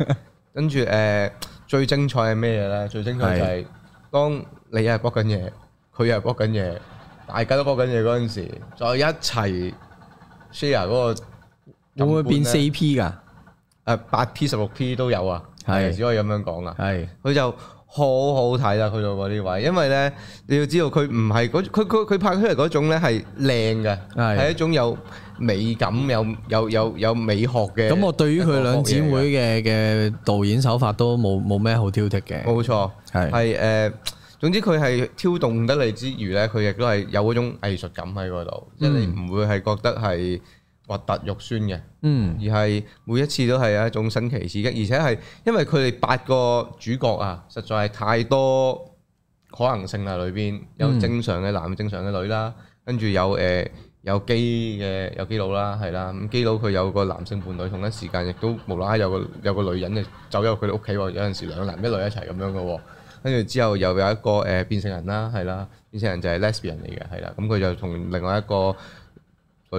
跟住誒，最精彩係咩嘢咧？最精彩就係當你又係播緊嘢，佢又係播緊嘢。大家都講緊嘢嗰陣時，再一齊 share 嗰個，會變四 P 噶誒八 P、呃、十六 P 都有啊，係只是可以咁樣講是啊。係佢就好好睇啦，佢做嗰啲位，因為咧你要知道佢唔係佢佢佢拍出嚟嗰種咧係靚嘅，係是一種有美感、有有有有美學嘅。咁我對於佢兩姊妹嘅嘅導演手法都冇冇咩好挑剔嘅。冇錯，係係誒。總之佢係挑動得嚟之餘咧，佢亦都係有嗰種藝術感喺嗰度，嗯、即你唔會係覺得係核突肉酸嘅，嗯，而係每一次都係一種新奇刺激，而且係因為佢哋八個主角啊，實在係太多可能性啦，裏邊有正常嘅男，正常嘅女啦，嗯、跟住有誒、呃、有基嘅有基佬啦，係啦，基佬佢有個男性伴侶，同一時間亦都無啦啦有個有個女人啊走入佢哋屋企喎，有陣時兩男一女一齊咁樣㗎喎。跟住之後又有一個誒、呃、變性人啦，係啦，變性人就係 lesbian 嚟嘅，係啦，咁、嗯、佢就同另外一個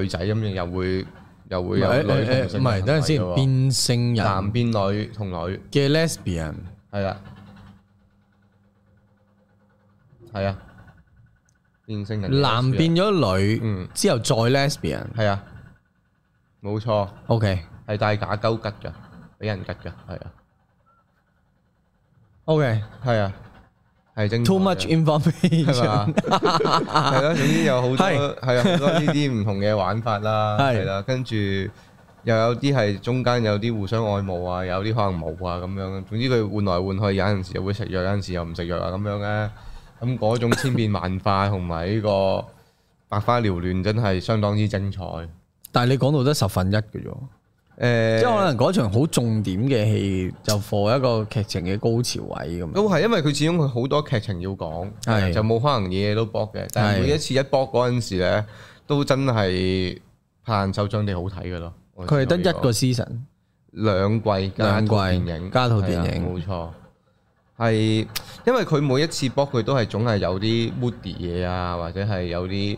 女仔咁樣又會又會有女唔係，等陣先，變性人男變女同女嘅 lesbian 係啦，係啊，變性人男變咗女，嗯，之後再 lesbian 係啊、嗯，冇錯，OK，係戴假鳩拮嘅，俾人拮嘅，係啊。O K，係啊，係精彩。Too much information，係 啦是吧，總 之有好多係 啊，好多呢啲唔同嘅玩法啦，係啦、 啊，跟住又有啲係中間有啲互相愛慕啊，有啲可能冇啊，咁樣。總之佢換來換去，有陣時又會食藥，有陣時又唔食藥啊，咁樣咧。咁嗰種千變萬化同埋呢個百花繚亂，真係相當之精彩。 但係你講到得十分一嘅啫。誒，即係可能嗰場好重點嘅戲，就放一個劇情嘅高潮位咁。都係因為佢始終佢好多劇情要講，係就冇可能嘢都博嘅。但係每一次一博嗰陣時咧，都真係拍手掌地好睇㗎咯。佢係得一個 season，兩季加套電影，加套電影，冇錯。係因為佢每一次博，佢都係總係有啲 moody 嘅嘢啊，或者係有啲。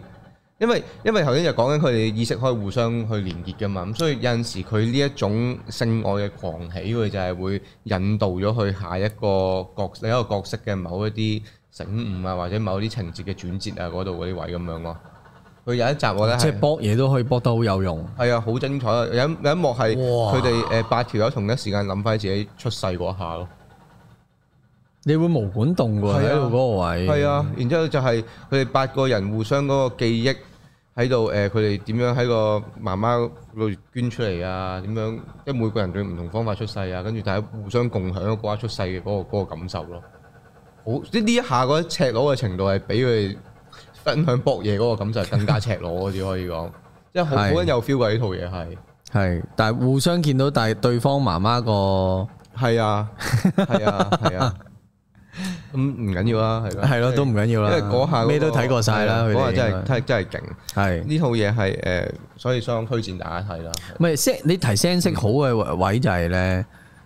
因為因為頭先就講緊佢哋意識可以互相去連結㗎嘛，咁所以有陣時佢呢一種性愛嘅狂喜，佢就係會引導咗佢下一個角另一個角色嘅某一啲醒悟啊，或者某啲情節嘅轉折啊，嗰度嗰啲位咁樣咯。佢有一集我咧即係博嘢都可以博得好有用。係啊，好精彩啊！有有一,一幕係佢哋誒八條友同一時間諗翻自己出世嗰下咯。你會毛管凍㗎喺度嗰個位。係啊，然之後就係佢哋八個人互相嗰個記憶。喺度誒，佢哋點樣喺個媽媽度捐出嚟啊？點樣即係每個人對唔同方法出世啊？跟住大家互相共享一嗰一出世嘅嗰個感受咯。好，即係呢一下嗰赤裸嘅程度係畀佢分享博嘢嗰個感受更加赤裸，只 可以講。即係好有 feel 㗎，呢套嘢係。係，但係互相見到，但係對方媽媽個係啊，係啊，係啊。 咁唔緊要啦，係咯，係咯，都唔緊要啦。因為嗰下咩都睇過晒啦，嗰下真係真係真係勁。呢套嘢係誒，所以想推薦大家睇啦。唔係聲，你提聲色好嘅位就係咧，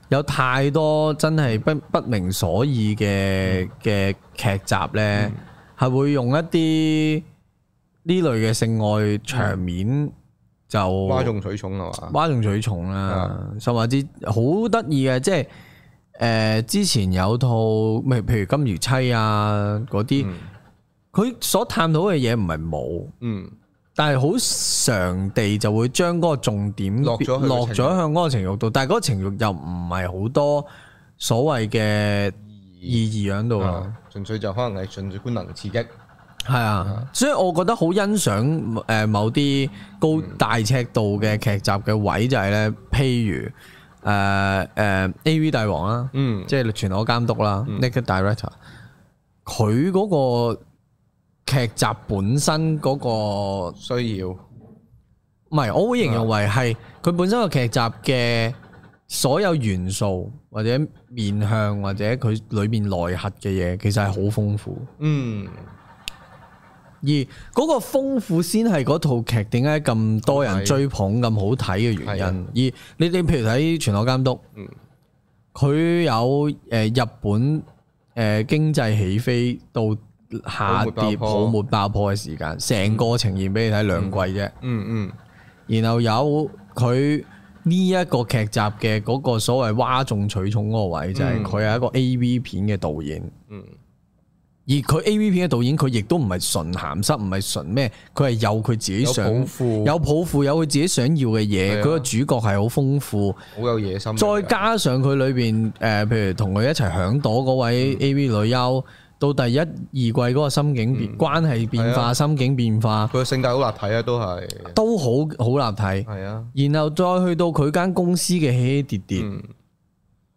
有太多真係不不明所以嘅嘅劇集咧，係會用一啲呢類嘅性愛場面就嘩眾取寵係嘛？嘩眾取寵啦，甚至好得意嘅即係。誒、呃，之前有套咩？譬如《金魚妻》啊，嗰啲，佢、嗯、所探討嘅嘢唔係冇，嗯，但係好常地就會將嗰個重點落咗向嗰個情欲度，但係嗰個情欲又唔係好多所謂嘅意義喺度，純、嗯、粹就可能係純粹官能刺激。係、嗯、啊，所以我覺得好欣賞誒，某啲高大尺度嘅劇集嘅位就係咧，譬如。誒誒，A. V. 大王啦，嗯，即係全裸監督啦，呢、嗯、Naked Director，佢嗰個劇集本身嗰、嗰個需要，唔係，我會形容為係佢本身個劇集嘅所有元素或者面向或者佢裏邊內核嘅嘢，其實係好豐富，嗯。而嗰個豐富先係嗰套劇點解咁多人追捧咁的好睇嘅原因。的而你你譬如睇《全裸監督》，嗯，佢有誒、呃、日本誒、呃、經濟起飛到下跌泡沫爆破嘅時間，成個呈現俾你睇、嗯、兩季啫、嗯。嗯嗯。然後有佢呢一個劇集嘅嗰個所謂嘩眾取寵嗰個位，就係佢係一個 A V 片嘅導演。嗯。嗯嗯。而佢 A V 片嘅導演，佢亦都唔係純鹹濕，唔係純咩，佢係有佢自己想，有抱負，有抱負，有佢自己想要嘅嘢。佢個主角係好豐富，好有野心。再加上佢裏邊誒，譬如同佢一齊響度嗰位 A V 女優，到第一二季嗰個心境變、關係變化、心境變化，佢個性格好立體啊，都係都好好立體。係啊，然後再去到佢間公司嘅起起跌跌，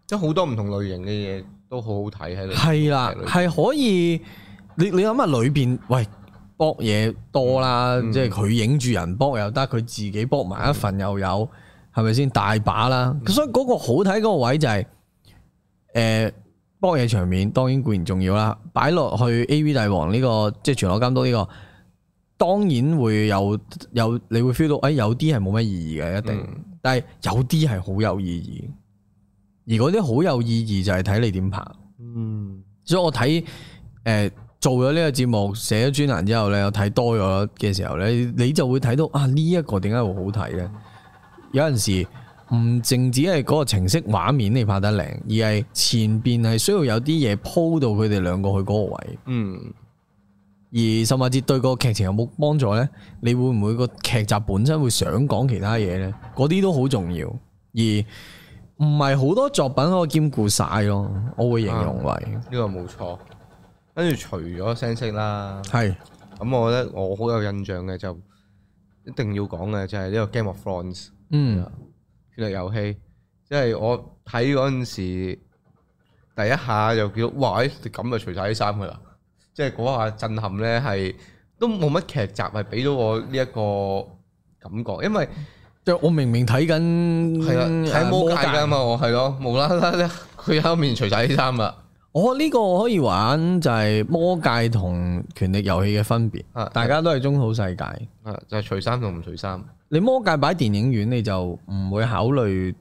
即好多唔同類型嘅嘢。都好好睇喺度，邊，係啦，係可以。你你諗下裏邊，喂，搏嘢多啦，嗯、即係佢影住人搏又得，佢、嗯、自己搏埋、嗯、一份又有，係咪先？大把啦。嗯、所以嗰個好睇嗰個位就係、是，誒、呃，搏嘢場面，當然固然重要啦。擺落去 A V 大王呢、這個，即係全裸監督呢、這個，當然會有有你會 feel 到，誒、哎，有啲係冇乜意義嘅一定，但係有啲係好有意義。而嗰啲好有意義就係睇你點拍，嗯，所以我睇誒、呃、做咗呢個節目寫咗專欄之後咧，我睇多咗嘅時候咧，你就會睇到啊呢一、個點解會好睇咧？有陣時唔淨止係嗰個情色畫面你拍得靚，而係前邊係需要有啲嘢鋪到佢哋兩個去嗰個位，嗯。而甚至節對個劇情有冇幫助咧？你會唔會個劇集本身會想講其他嘢咧？嗰啲都好重要，而。唔係好多作品可以兼顧晒咯，我會形容為呢、啊，這個冇錯。跟住除咗聲色啦，係咁我覺得我好有印象嘅就一定要講嘅就係、是、呢個 Game of Thrones，嗯，權力遊戲，即、就、係、是、我睇嗰陣時第一下就叫哇，咁就除晒啲衫佢啦，即係嗰下震撼咧係都冇乜劇集係俾到我呢一個感覺，因為。我明明睇緊係啊，魔戒噶嘛，我係咯，無啦啦咧，佢後面除晒啲衫啦。哦，這個、我呢個可以玩就係魔戒同權力遊戲嘅分別。啊，大家都係中土世界，啊，就係除衫同唔除衫。你魔戒擺電影院，你就唔會考慮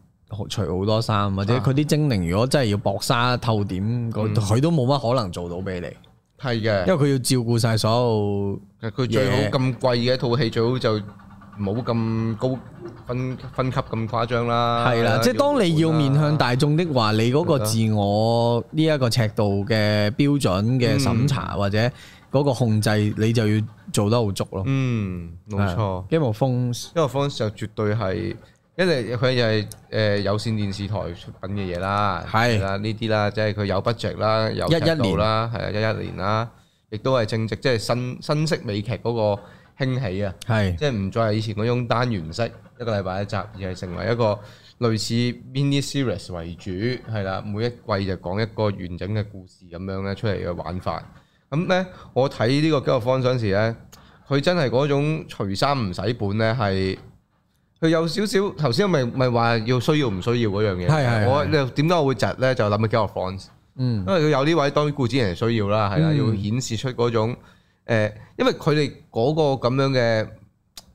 除好多衫，或者佢啲精靈如果真係要薄紗透點，佢、啊、都冇乜可能做到俾你。係嘅、嗯，因為佢要照顧晒所有，佢最好咁貴嘅一套戲，最好就。冇咁高分分級咁誇張啦，係啦，即係當你要面向大眾的話，啊、你嗰個自我呢一個尺度嘅標準嘅審查或者嗰個控制，嗯、你就要做得好足咯。嗯，冇錯。Game of Thrones Game of Thrones 就絕對係，因為佢就係誒有線電視台出品嘅嘢啦，係啦的，呢啲啦，即係佢有 budget 啦年，有尺度啦，係啊年，一一年啦，亦都係正值即係新新式美劇嗰、那個。興起啊，是即係唔再係以前嗰種單元式一個禮拜一集，而係成為一個類似 mini series 為主，係啦，每一季就講一個完整嘅故事咁樣咧出嚟嘅玩法。咁咧，我睇呢、這個《Game of Thrones》時咧，佢真係嗰種除衫唔使本咧，係佢有少少頭先咪咪話要需要唔需要嗰樣嘢。係係的我點解我會窒咧？就諗起《Game of Thrones》，嗯，因為佢有呢位當故之人需要啦，係啦，要顯示出嗰種。嗯誒，因為佢哋嗰個咁樣嘅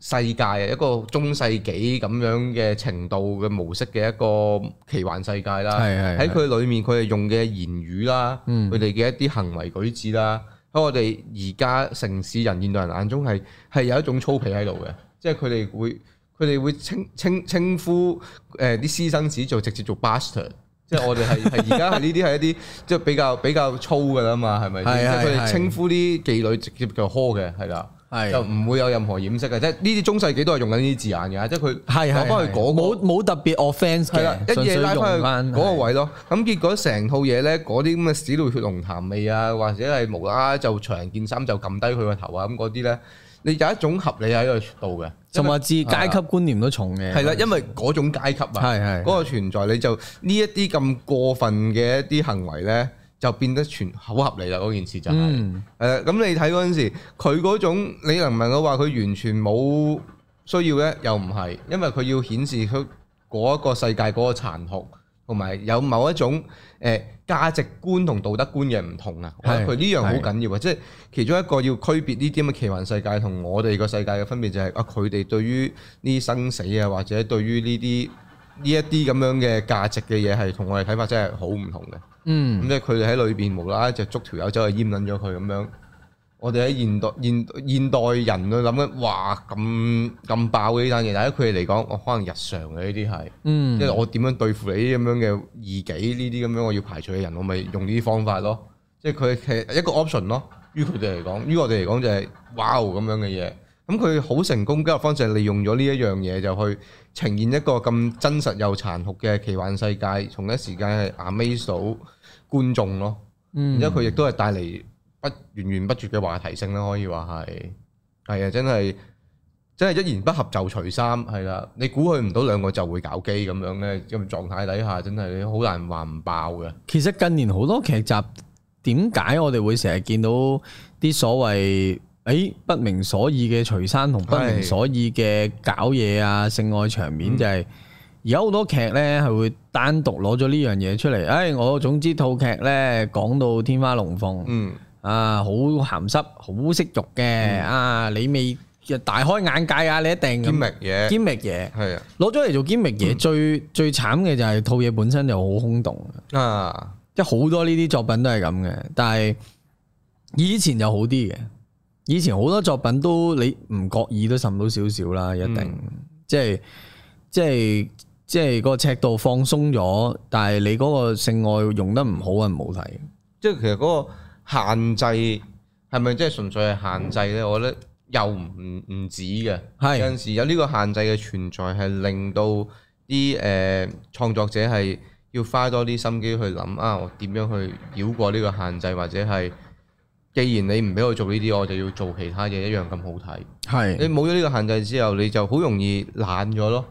世界，一個中世紀咁樣嘅程度嘅模式嘅一個奇幻世界啦，喺佢裏面佢哋用嘅言語啦，佢哋嘅一啲行為舉止啦，喺我哋而家城市人現代人眼中係係有一種粗鄙喺度嘅，即係佢哋會佢哋會稱稱稱呼誒啲、呃、私生子做直接做 bastard 即係我哋係係而家係呢啲係一啲即係比較比較粗㗎啦嘛，係咪？是是是即係佢哋稱呼啲妓女直接是的 就呵嘅，係啦，就唔會有任何掩飾嘅。即係呢啲中世紀都係用緊呢啲字眼嘅，即係佢講翻佢嗰個冇冇、那個、特別 offence 嘅，一嘢拉翻嗰個位咯。咁是的 結果成套嘢咧，嗰啲咁嘅屎尿血龍潭味啊，或者係無啦啦就隨人件衫就撳低佢個頭啊咁嗰啲咧。嗯。你有一種合理喺度嘅，甚至階級觀念都重嘅。係啦，因為嗰種階級啊，係係嗰個存在，你就呢一啲咁過分嘅一啲行為咧，就變得全好合理啦。嗰、那、件、個、事就係、是、誒，咁、嗯、你睇嗰陣時，佢嗰種你能唔能夠話，佢完全冇需要咧，又唔係，因為佢要顯示佢嗰一個世界嗰個殘酷。同埋有某一種誒價值觀同道德觀嘅唔同啊，佢呢樣好緊要啊，即係其中一個要區別呢啲咁嘅奇幻世界同我哋個世界嘅分別就係啊，佢哋對於呢生死啊，或者對於呢啲呢一啲咁樣嘅價值嘅嘢係同我哋睇法真係好唔同嘅。嗯，咁即係佢哋喺裏邊無啦啦就捉條友走，去閹撚咗佢咁樣。我哋喺現代、現現代人去諗嘅，哇咁咁爆嘅呢單嘢，但係佢哋嚟講、哦，可能日常嘅呢啲係，嗯、即係我點樣對付你呢咁樣嘅異己呢啲咁樣我要排除嘅人，我咪用呢啲方法咯，即係佢係一個 option 咯。於佢哋嚟講，於我哋嚟講就係哇咁樣嘅嘢。咁佢好成功嘅方式係利用咗呢一樣嘢就去呈現一個咁真實又殘酷嘅奇幻世界，同一時間係 amaze 到觀眾咯。嗯，然之後佢亦都係帶嚟。不源源不絕嘅話題性啦，可以話係係啊，真係真係一言不合就除衫，係啦，你估佢唔到兩個就會搞基咁樣咧？咁狀態底下真係好難話唔爆嘅。其實近年好多劇集，點解我哋會成日見到啲所謂誒不明所以嘅除衫同不明所以嘅搞嘢、啊性愛場面，就係，就係而家好多劇咧係會單獨攞咗呢樣嘢出嚟。誒，我總之套劇咧講到天花龍鳳，嗯。啊，好咸濕，好識俗嘅啊！你未大開眼界啊？你一定兼覓嘢，兼覓嘢係啊，攞咗嚟做兼覓嘢。最最慘嘅就係套嘢本身就好空洞啊！即係好多呢啲作品都係咁嘅，但係以前就好啲嘅。以前好多作品都你唔覺意都滲到少少啦，嗯、一定即係即係即係個尺度放鬆咗，但係你嗰個性愛用得唔好啊，唔好睇。即係其實嗰個。限制係咪即係純粹係限制呢？我覺得又唔唔止嘅。是有陣時有呢個限制嘅存在，係令到啲誒、呃、創作者係要花多啲心機去諗啊，我點樣去繞過呢個限制，或者係既然你唔俾我做呢啲，我就要做其他嘢一樣咁好睇。係是你冇咗呢個限制之後，你就好容易懶咗咯。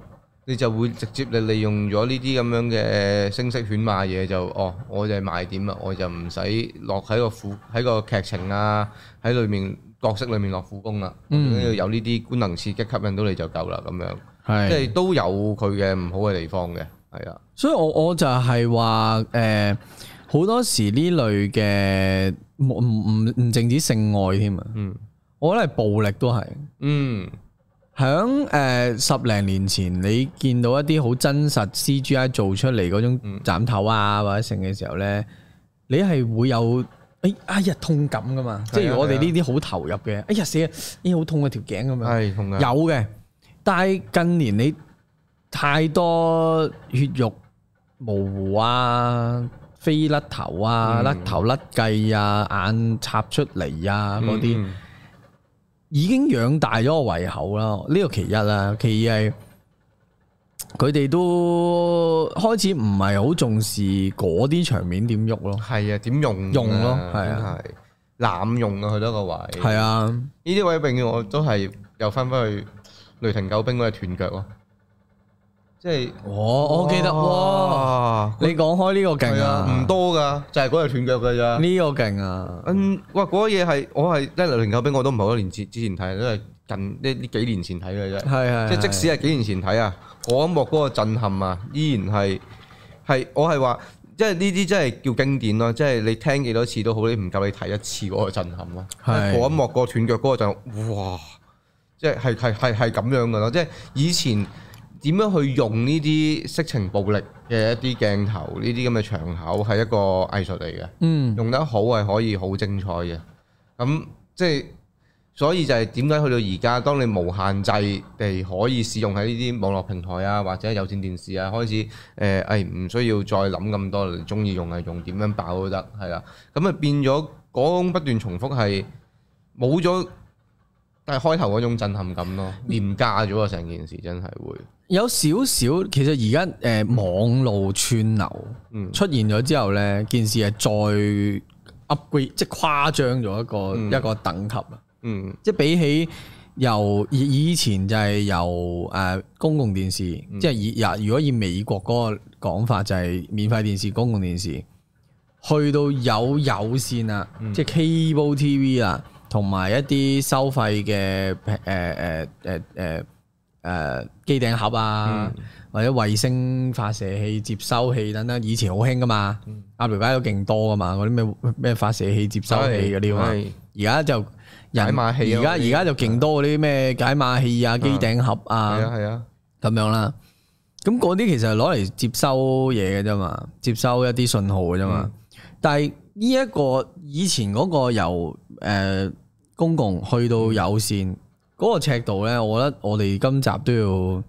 你就會直接嚟利用咗呢啲咁樣嘅聲色犬馬嘢就哦，我就係賣點啦，我就唔使落喺個副喺個劇情啊，喺裏面角色裏面落苦功啦，要有呢啲官能刺激吸引到你就夠啦咁樣，即係都有佢嘅唔好嘅地方嘅，係啊，所以我我就係話誒，好多時呢類嘅唔唔唔淨止性愛添啊，嗯，我覺得係暴力都係，嗯。喺誒十零年前，你見到一啲好真實 CGI 做出嚟嗰種斬頭啊或者成嘅時候咧，你係會有哎呀痛感㗎嘛？即係如我哋呢啲好投入嘅，哎呀死啊！哎好痛啊條頸咁樣，係痛。有嘅。但係近年你太多血肉模糊啊、飛甩頭啊、甩頭甩髻啊、眼插出嚟啊嗰啲。已經養大咗個胃口啦，呢個其一啦，其二係佢哋都開始唔係好重視嗰啲場面點喐咯，係啊，點用用咯，係濫用啊佢多、啊啊啊、個位，係啊，呢啲位永遠我都係又翻翻去雷霆救兵嗰隻斷腳咯。即係我、哦，我記得、哦、哇！你講開呢個勁啊，唔、啊、多噶，就係、是、嗰日斷腳嘅咋？呢個勁啊！嗯，哇，嗰嘢係我係一零九兵，我都唔係好多年前之前睇，都係近呢幾年前睇嘅啫。是是是即係即使係幾年前睇啊，嗰是一幕嗰個震撼啊，依然係係我係話，即係呢啲真係叫經典咯。即係你聽幾多次都好，你唔夠你睇一次嗰個震撼咯。嗰是是 一幕嗰個斷腳嗰個震撼，哇，即係係係係咁樣噶咯。即係以前。以前點樣去用呢啲色情暴力嘅一啲鏡頭，呢啲咁嘅場口係一個藝術嚟嘅，嗯、用得好係可以好精彩嘅。咁即係所以就係點解去到而家，當你無限制地可以使用喺呢啲網絡平台啊，或者有線電視啊，開始誒誒唔需要再諗咁多，你中意用啊用點樣爆都得，係啦。咁啊變咗嗰種不斷重複係冇咗。係開頭嗰種震撼感咯，廉價咗啊！成件事真係會有少少，其實而家誒網絡串流出現咗之後咧，嗯、件事係再 upgrade，即係誇張咗一個、嗯、一個等級啦。嗯，即係比起由以以前就係由誒公共電視，嗯、即係以若如果以美國嗰個講法，就係免費電視、公共電視，去到有有線啦，嗯、即係 cable TV 啦。同埋一啲收費嘅誒誒誒誒誒機頂盒啊，或者衛星發射器、接收器等等，以前好興㗎嘛，鴨寮街都勁多㗎嘛，嗰啲咩咩發射器、接收器嗰啲嘛，而家就解碼器，而家而家就勁多嗰啲咩解碼器啊、機頂盒啊，係啊係啊，咁樣啦。咁嗰啲其實係攞嚟接收嘢嘅啫嘛，接收一啲訊號嘅啫嘛。但係呢一個以前嗰個由誒、呃，公共去到有線嗰個尺度咧，我覺得我哋今集都要，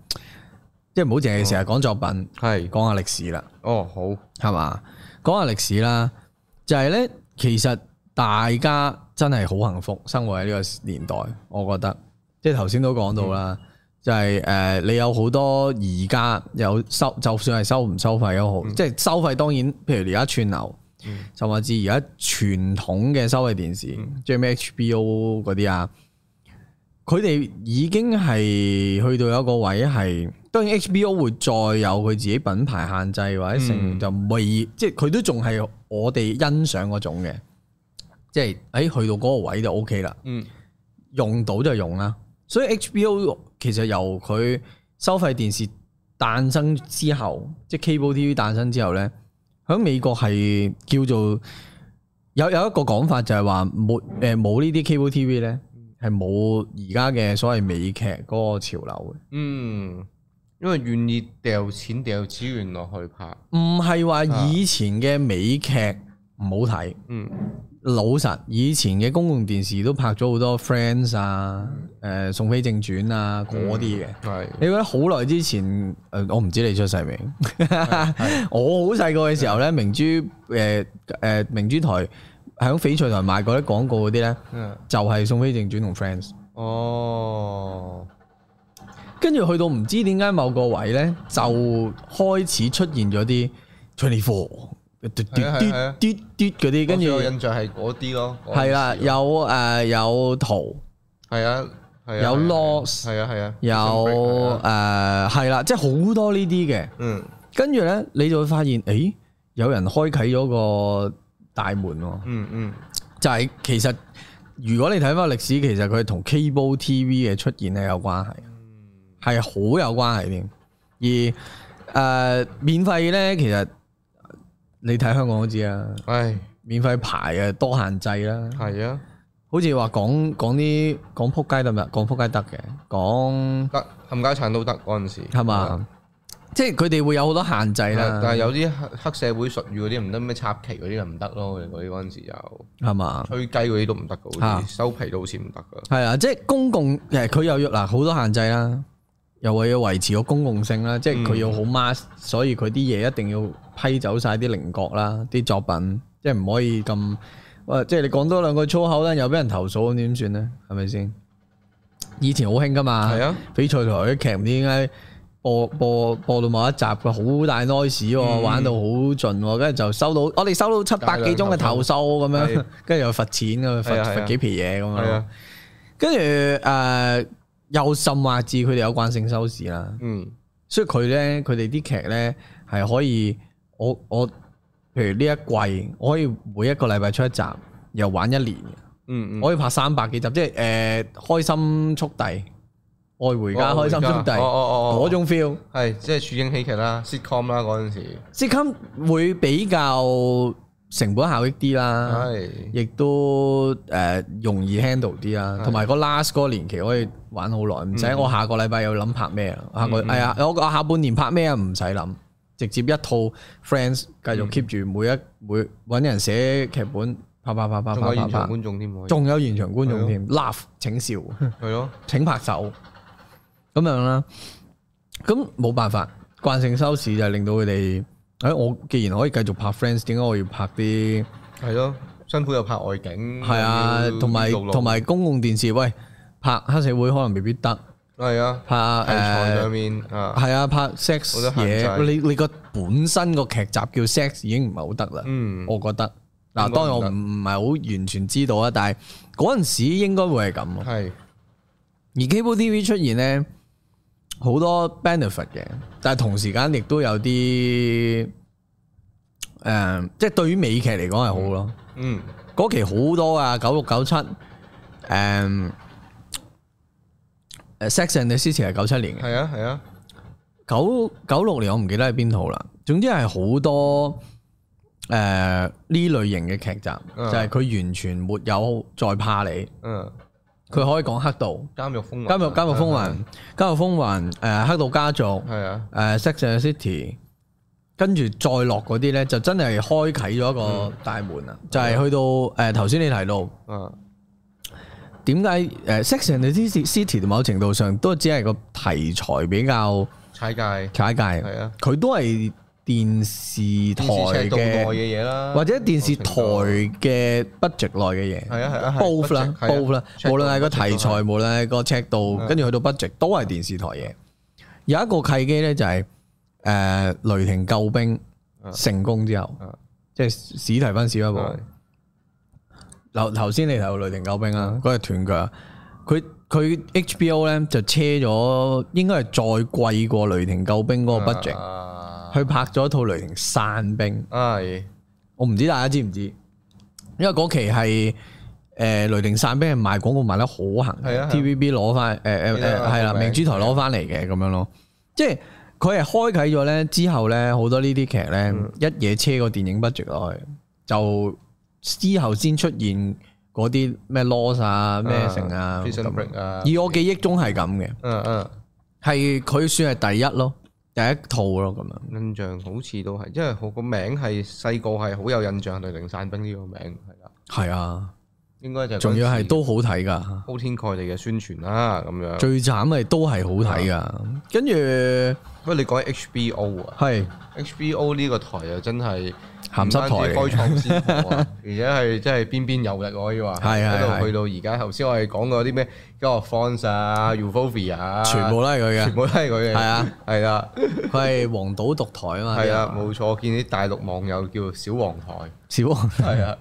即係唔好淨係成日講作品，係講、哦、下歷史啦。哦，好，係嘛，講下歷史啦，就係、是、咧，其實大家真係好幸福，生活喺呢個年代，我覺得，即係頭先都講到啦，嗯、就係誒，你有好多而家有收，就算係收唔收費都好，即係、嗯、收費當然，譬如而家串流。就話、嗯、至而家傳統嘅收費電視，即係咩 HBO 嗰啲啊，佢哋、嗯、已經係去到有一個位係，當然 HBO 會再有佢自己品牌限制或者成、嗯、就未，即係佢都仲係我哋欣賞嗰種嘅，即係誒、哎、去到嗰個位就 OK 啦，嗯，用到就用啦。所以 HBO 其實由佢收費電視誕生之後，即係 Cable TV 誕生之後咧。喺美國係叫做有有一個講法就係話冇誒冇呢啲 cable TV 咧，係冇而家嘅所謂美劇嗰個潮流嘅。嗯，因為願意掉錢掉資源落去拍，唔係話以前嘅美劇唔好睇啊。嗯。老實，以前嘅公共電視都拍咗好多 Friends 啊，誒、呃《宋飛正傳、啊》啊嗰啲嘅。係、嗯，你覺得好耐之前，誒、呃、我唔知你出世未？的 我好細個嘅時候咧，的明珠誒誒、呃、明珠台，喺翡翠台買嗰啲廣告嗰啲咧，的就係《宋飛正傳》同 Friends。哦。跟住去到唔知點解某個位咧，就開始出現咗啲《24》。嘟嘟嘟嘟嗰啲，跟住印象係嗰啲咯。係啦、啊，有誒、呃、有圖，係啊，係、啊啊、有 loss L、啊，係啊係有啊，啊，有誒係啦，即係好多呢啲嘅。嗯，跟住咧，你就會發現誒、欸，有人開啟咗個大門、哦嗯。嗯嗯，就係其實如果你睇翻歷史，其實佢同 Cable TV 嘅出現係有關係，係好、嗯、有關係添。而誒免費咧，其實。你睇香港好似啊，唉，免費牌啊，多限制啦。係啊，的好似話講講啲講撲街得唔得？講撲街得嘅，講得冚家鏟都得嗰陣時，係嘛吧？吧即係佢哋會有好多限制啦、啊。但係有啲黑社會術語嗰啲唔得，咩插旗嗰啲就唔得咯。嗰啲嗰陣時又係嘛？吧吹雞嗰啲都唔得好似的收皮都好似唔得嘅。係啊，即係公共誒，佢又要嗱好多限制啦，又為要維持個公共性啦，即係佢要好 mask，、嗯、所以佢啲嘢一定要。批走晒啲菱角啦，啲作品即係唔可以咁，哇！即係你講多兩個粗口啦，又俾人投訴，點算咧？係咪先？以前好興噶嘛，係啊！翡翠台啲劇，點解播播播到某一集佢好大 noise 喎，玩到好盡喎，跟住就收到，我哋收到七百幾宗嘅投訴咁樣，跟住又罰錢嘅，罰罰幾皮嘢咁啊！跟住誒，又甚話至佢哋有慣性收視啦。嗯，所以佢咧，佢哋啲劇咧係可以。我我譬如呢一季，我可以每一個禮拜出一集，又玩一年。嗯嗯，我可以拍三百幾集，即係誒開心速遞、愛回家、開心速遞嗰種 feel。係，即係處境喜劇啦、sitcom 啦嗰陣時。sitcom 會比較成本效益啲啦，係，亦都誒容易 handle 啲啦，同埋個 last 嗰個年期可以玩好耐，唔使我下個禮拜又諗拍咩啊？下個係啊，我我下半年拍咩啊？唔使諗。直接一套 Friends 繼續 keep 住、嗯、每一每搵人寫劇本，拍拍拍拍拍拍啪。仲有現場觀眾添，仲有現場觀眾添 Laugh 請笑，係咯的，請拍手，咁樣啦。咁冇辦法慣性收視就係令到佢哋，誒、哎、我既然可以繼續拍 Friends，點解我要拍啲？係咯，辛苦又拍外景，係啊的，同埋同埋公共電視喂，拍黑社會可能未必得。係啊，拍誒，係啊，拍 sex 嘢，你你個本身個劇集叫 sex 已經唔係好得啦。嗯，我覺得，嗱、嗯，當然我唔唔係好完全知道啊，嗯、但係嗰陣時應該會係咁係，是而 Cable TV 出現咧，好多 benefit 嘅，但係同時間亦都有啲誒，即係對於美劇嚟講係好咯。嗯，嗰、就是嗯嗯、期好多啊，九六九七，誒。誒，Sex and the City 係九七年係啊係啊，九九六年我唔記得係邊套啦。總之係好多誒呢、呃、類型嘅劇集，啊、就係佢完全沒有再怕你。嗯、啊，佢可以講黑道，監獄風、啊、風雲，監獄監獄風雲，監獄風雲，誒黑道家族，係啊，誒、啊、Sex、呃、and the City，跟住再落嗰啲咧，就真係開啟咗一個大門啦。啊、就係去到誒頭先你提到，嗯、啊。啊點解？誒，Sex and the City City 某程度上都只係個題材比較踩界、踩界，係啊！佢都係電視台嘅嘢啦，或者電視台嘅 budget 內嘅嘢，係啊係啊係。Both 啦，Both 啦，無論係個題材無論係，個尺度跟住去到 budget 都係電視台嘢。對有一個契機咧，就係誒雷霆救兵成功之後，即係對史提芬史匹堡。對嗱，頭先你睇《雷霆救兵》啊，嗰日斷腳，佢佢 HBO 咧就車咗，應該係再貴過《雷霆救兵》嗰個 budget，佢拍咗一套，嗯，呃《雷霆傘兵》，我唔知大家知唔知，因為嗰期係誒《雷霆傘兵》係賣廣告賣得好行，嗯，TVB 攞翻，誒誒係啦，明珠台攞翻嚟嘅，咁樣咯，即係佢係開啟咗咧，之後咧，好多劇，呢啲劇咧一夜車個電影 budget 落去就，就之後先出現嗰啲咩 loss 啊咩成啊，而我記憶中係咁嘅，嗯嗯、啊，係佢算係第一咯，第一套咯咁樣，印象好似都係，因為我個名係細個係好有印象，對凌散兵呢個名係啦，係啊，應該就，仲要係都好睇噶，鋪天蓋地嘅宣傳啦，咁樣，最慘係都係好睇噶，啊、跟住。不過你講起 HBO 啊，係 HBO 呢個台啊，真係鹹濕台開創先河，而且係真係邊邊有力，可以話係一路去到而家。頭先我哋講過啲咩《Game of Thrones》啊，《Euphoria》啊，全部都係佢嘅，全部都係佢嘅。係啊，係啦，佢係黃島獨台啊嘛。係啊，冇錯，我見啲大陸網友叫小黃台，小黃台啊，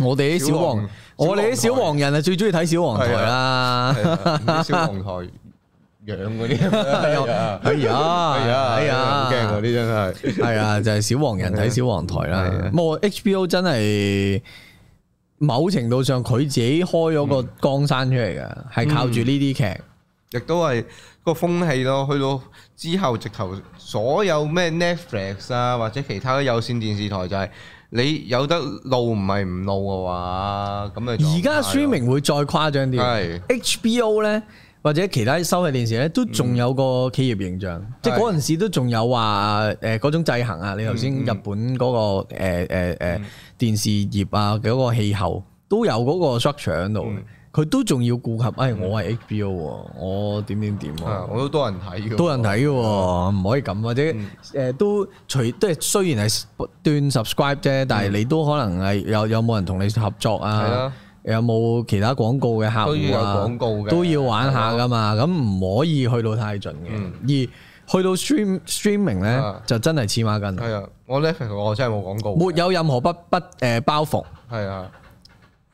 我哋啲小黃，我哋啲小黃人啊，最中意睇小黃台啦，小黃台。啲，哎呀，哎呀，哎、啊、 呀，好驚嗰啲真係，係啊，就係、是、小黃人睇小黃台啦。冇呀 HBO 真係，某程度上佢自己開咗個江山出嚟噶，係、嗯、靠住呢啲劇，亦都係個風氣咯。去到之後，之後直頭，所有咩 Netflix 啊或者其他有線電視台，就係你有得露唔係唔露嘅話，咁啊。而家 streaming 會再誇張啲，係 HBO 咧。或者其他收費電視咧，都仲有個企業形象，嗯、即係嗰陣時都仲有話誒嗰種制衡啊！嗯、你頭先日本嗰、嗰個誒誒誒電視業啊嘅嗰個氣候都有嗰個 structure 喺度，佢都仲要顧及誒、嗯哎，我係 HBO，我點點點我都多人睇嘅，多人睇嘅，唔可以咁或者誒都除即係雖然係不斷 subscribe 啫，嗯、但係你都可能係有有冇人同你合作啊？啊啊有冇其他廣告嘅客戶啊？都要玩下噶嘛，咁唔可以去到太盡嘅。而去到 stream streaming 咧，就真係黐孖筋。係啊，我咧其實我真係冇廣告，沒有任何不不誒包袱。係啊，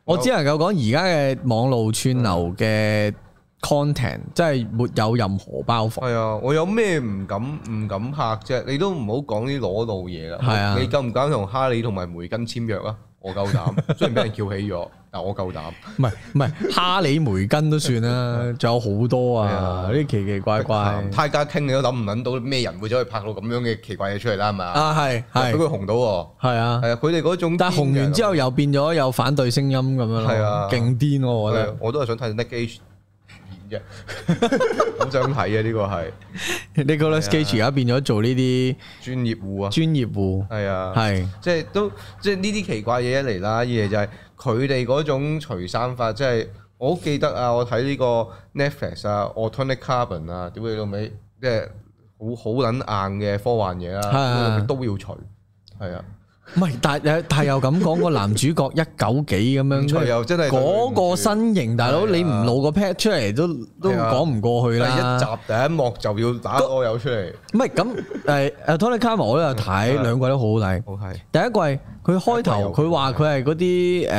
我只能夠講而家嘅網路串流嘅 content，真係沒有任何包袱。係啊，我有咩唔敢唔敢拍啫？你都唔好講啲裸露嘢啦。係啊，你敢唔敢同哈利同埋梅根簽約啊？我夠膽，雖然俾人叫起咗，但我夠膽。唔係唔係，哈利梅根都算啦，仲 有好多啊，啲、哎、呀奇奇怪怪。太家傾你都諗唔諗到咩人會走去拍到咁樣嘅奇怪嘢出嚟啦，係咪啊？係係，俾佢紅到，係啊，係啊，佢哋嗰種。但係紅完之後又變咗，有反對聲音咁樣咯。係啊，勁癲我覺得。啊、我都係想睇 New Age。好想睇啊！呢個係呢個咧 Sketch 而家變咗做呢啲專業戶啊！專業戶係啊，係即係都即係呢啲奇怪嘢一嚟啦，二嚟就係佢哋嗰種除衫法，即係我好記得啊！我睇呢個 Netflix 啊 Altered Carbon 啊，屌你老味即係好好撚硬嘅科幻嘢啦，都要除係 啊！ 唔係，但係但係又咁講，個男主角一九幾咁樣出嚟，嗰 個身形，大佬你唔露個 pat 出嚟都的都講唔過去啦。第一集第一幕就要打個友出嚟。唔係咁誒誒，Tony Cam 我 都有睇，兩季都好好睇。好係第一季。佢開頭佢話佢係嗰啲誒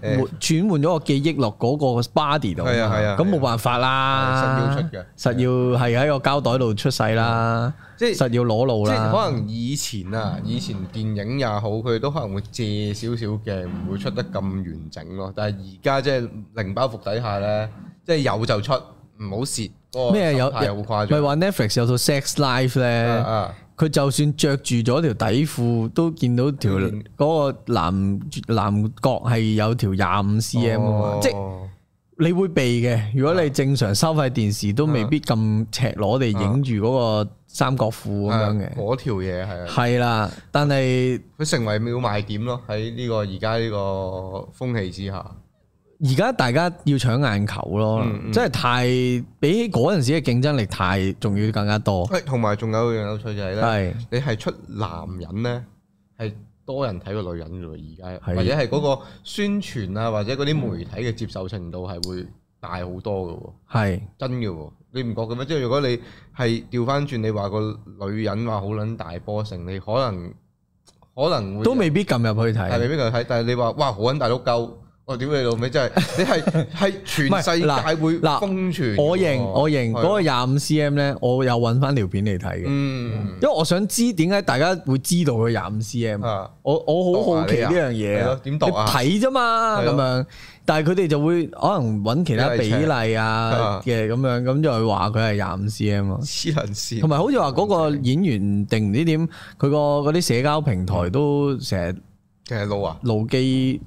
換轉換咗個記憶落嗰個 body 度，係啊係啊，咁冇辦法啦。嗯、實要出嘅，實要係喺個膠袋度出世啦，即係、嗯、實要攞路啦。即可能以前啊，以前電影也好，佢都可能會借少少嘅，唔會出得咁完整咯。但係而家即係零包袱底下咧，即、就、係、是、有就出，唔好蝕。咩、那個、有？又唔係話 Netflix 有套 Sex Life 咧。嗯嗯嗯嗯嗯。佢就算着住咗條底褲，都見到條嗰、嗯、個男男角係有條廿五 cm 喎、哦，即你會避嘅。如果你正常收費電視都未必咁赤裸地影住嗰個三角褲咁、嗯、樣嘅。嗰條嘢係啊，係啦、啊啊，但係佢成為秒賣點咯。喺呢個而家呢個風氣之下。而家大家要搶眼球咯，嗯嗯即係太比起嗰陣時嘅競爭力太，仲要更加多。同埋仲有樣有趣就係、是、咧，係是你係出男人咧，係多人睇個女人嘅而家是，或者係嗰個宣傳啊，或者嗰啲媒體嘅接受程度係會大好多嘅，係是真嘅。你唔覺嘅咩？即係如果你係調翻轉，你話個女人話好捻大波性，你可能可能會都未必撳入去睇，未必入睇。但係你話哇，好捻大碌鳩。我屌、哦、你老味，真係你係係全世界會瘋傳、啊啊啊。我認我認嗰個廿五 cm 咧，我有揾翻條片嚟睇嘅。嗯，M，嗯因為我想知點解大家會知道佢廿五 cm。我我好好奇呢樣嘢，點度睇啫嘛，咁、啊啊、了樣。但係佢哋就會可能揾其他比例啊嘅咁、啊、樣，咁就話佢係廿五 cm 咯。黐撚線，同埋好似話嗰個演員定唔知點，佢個嗰啲社交平台都成日成日露啊，露機、嗯。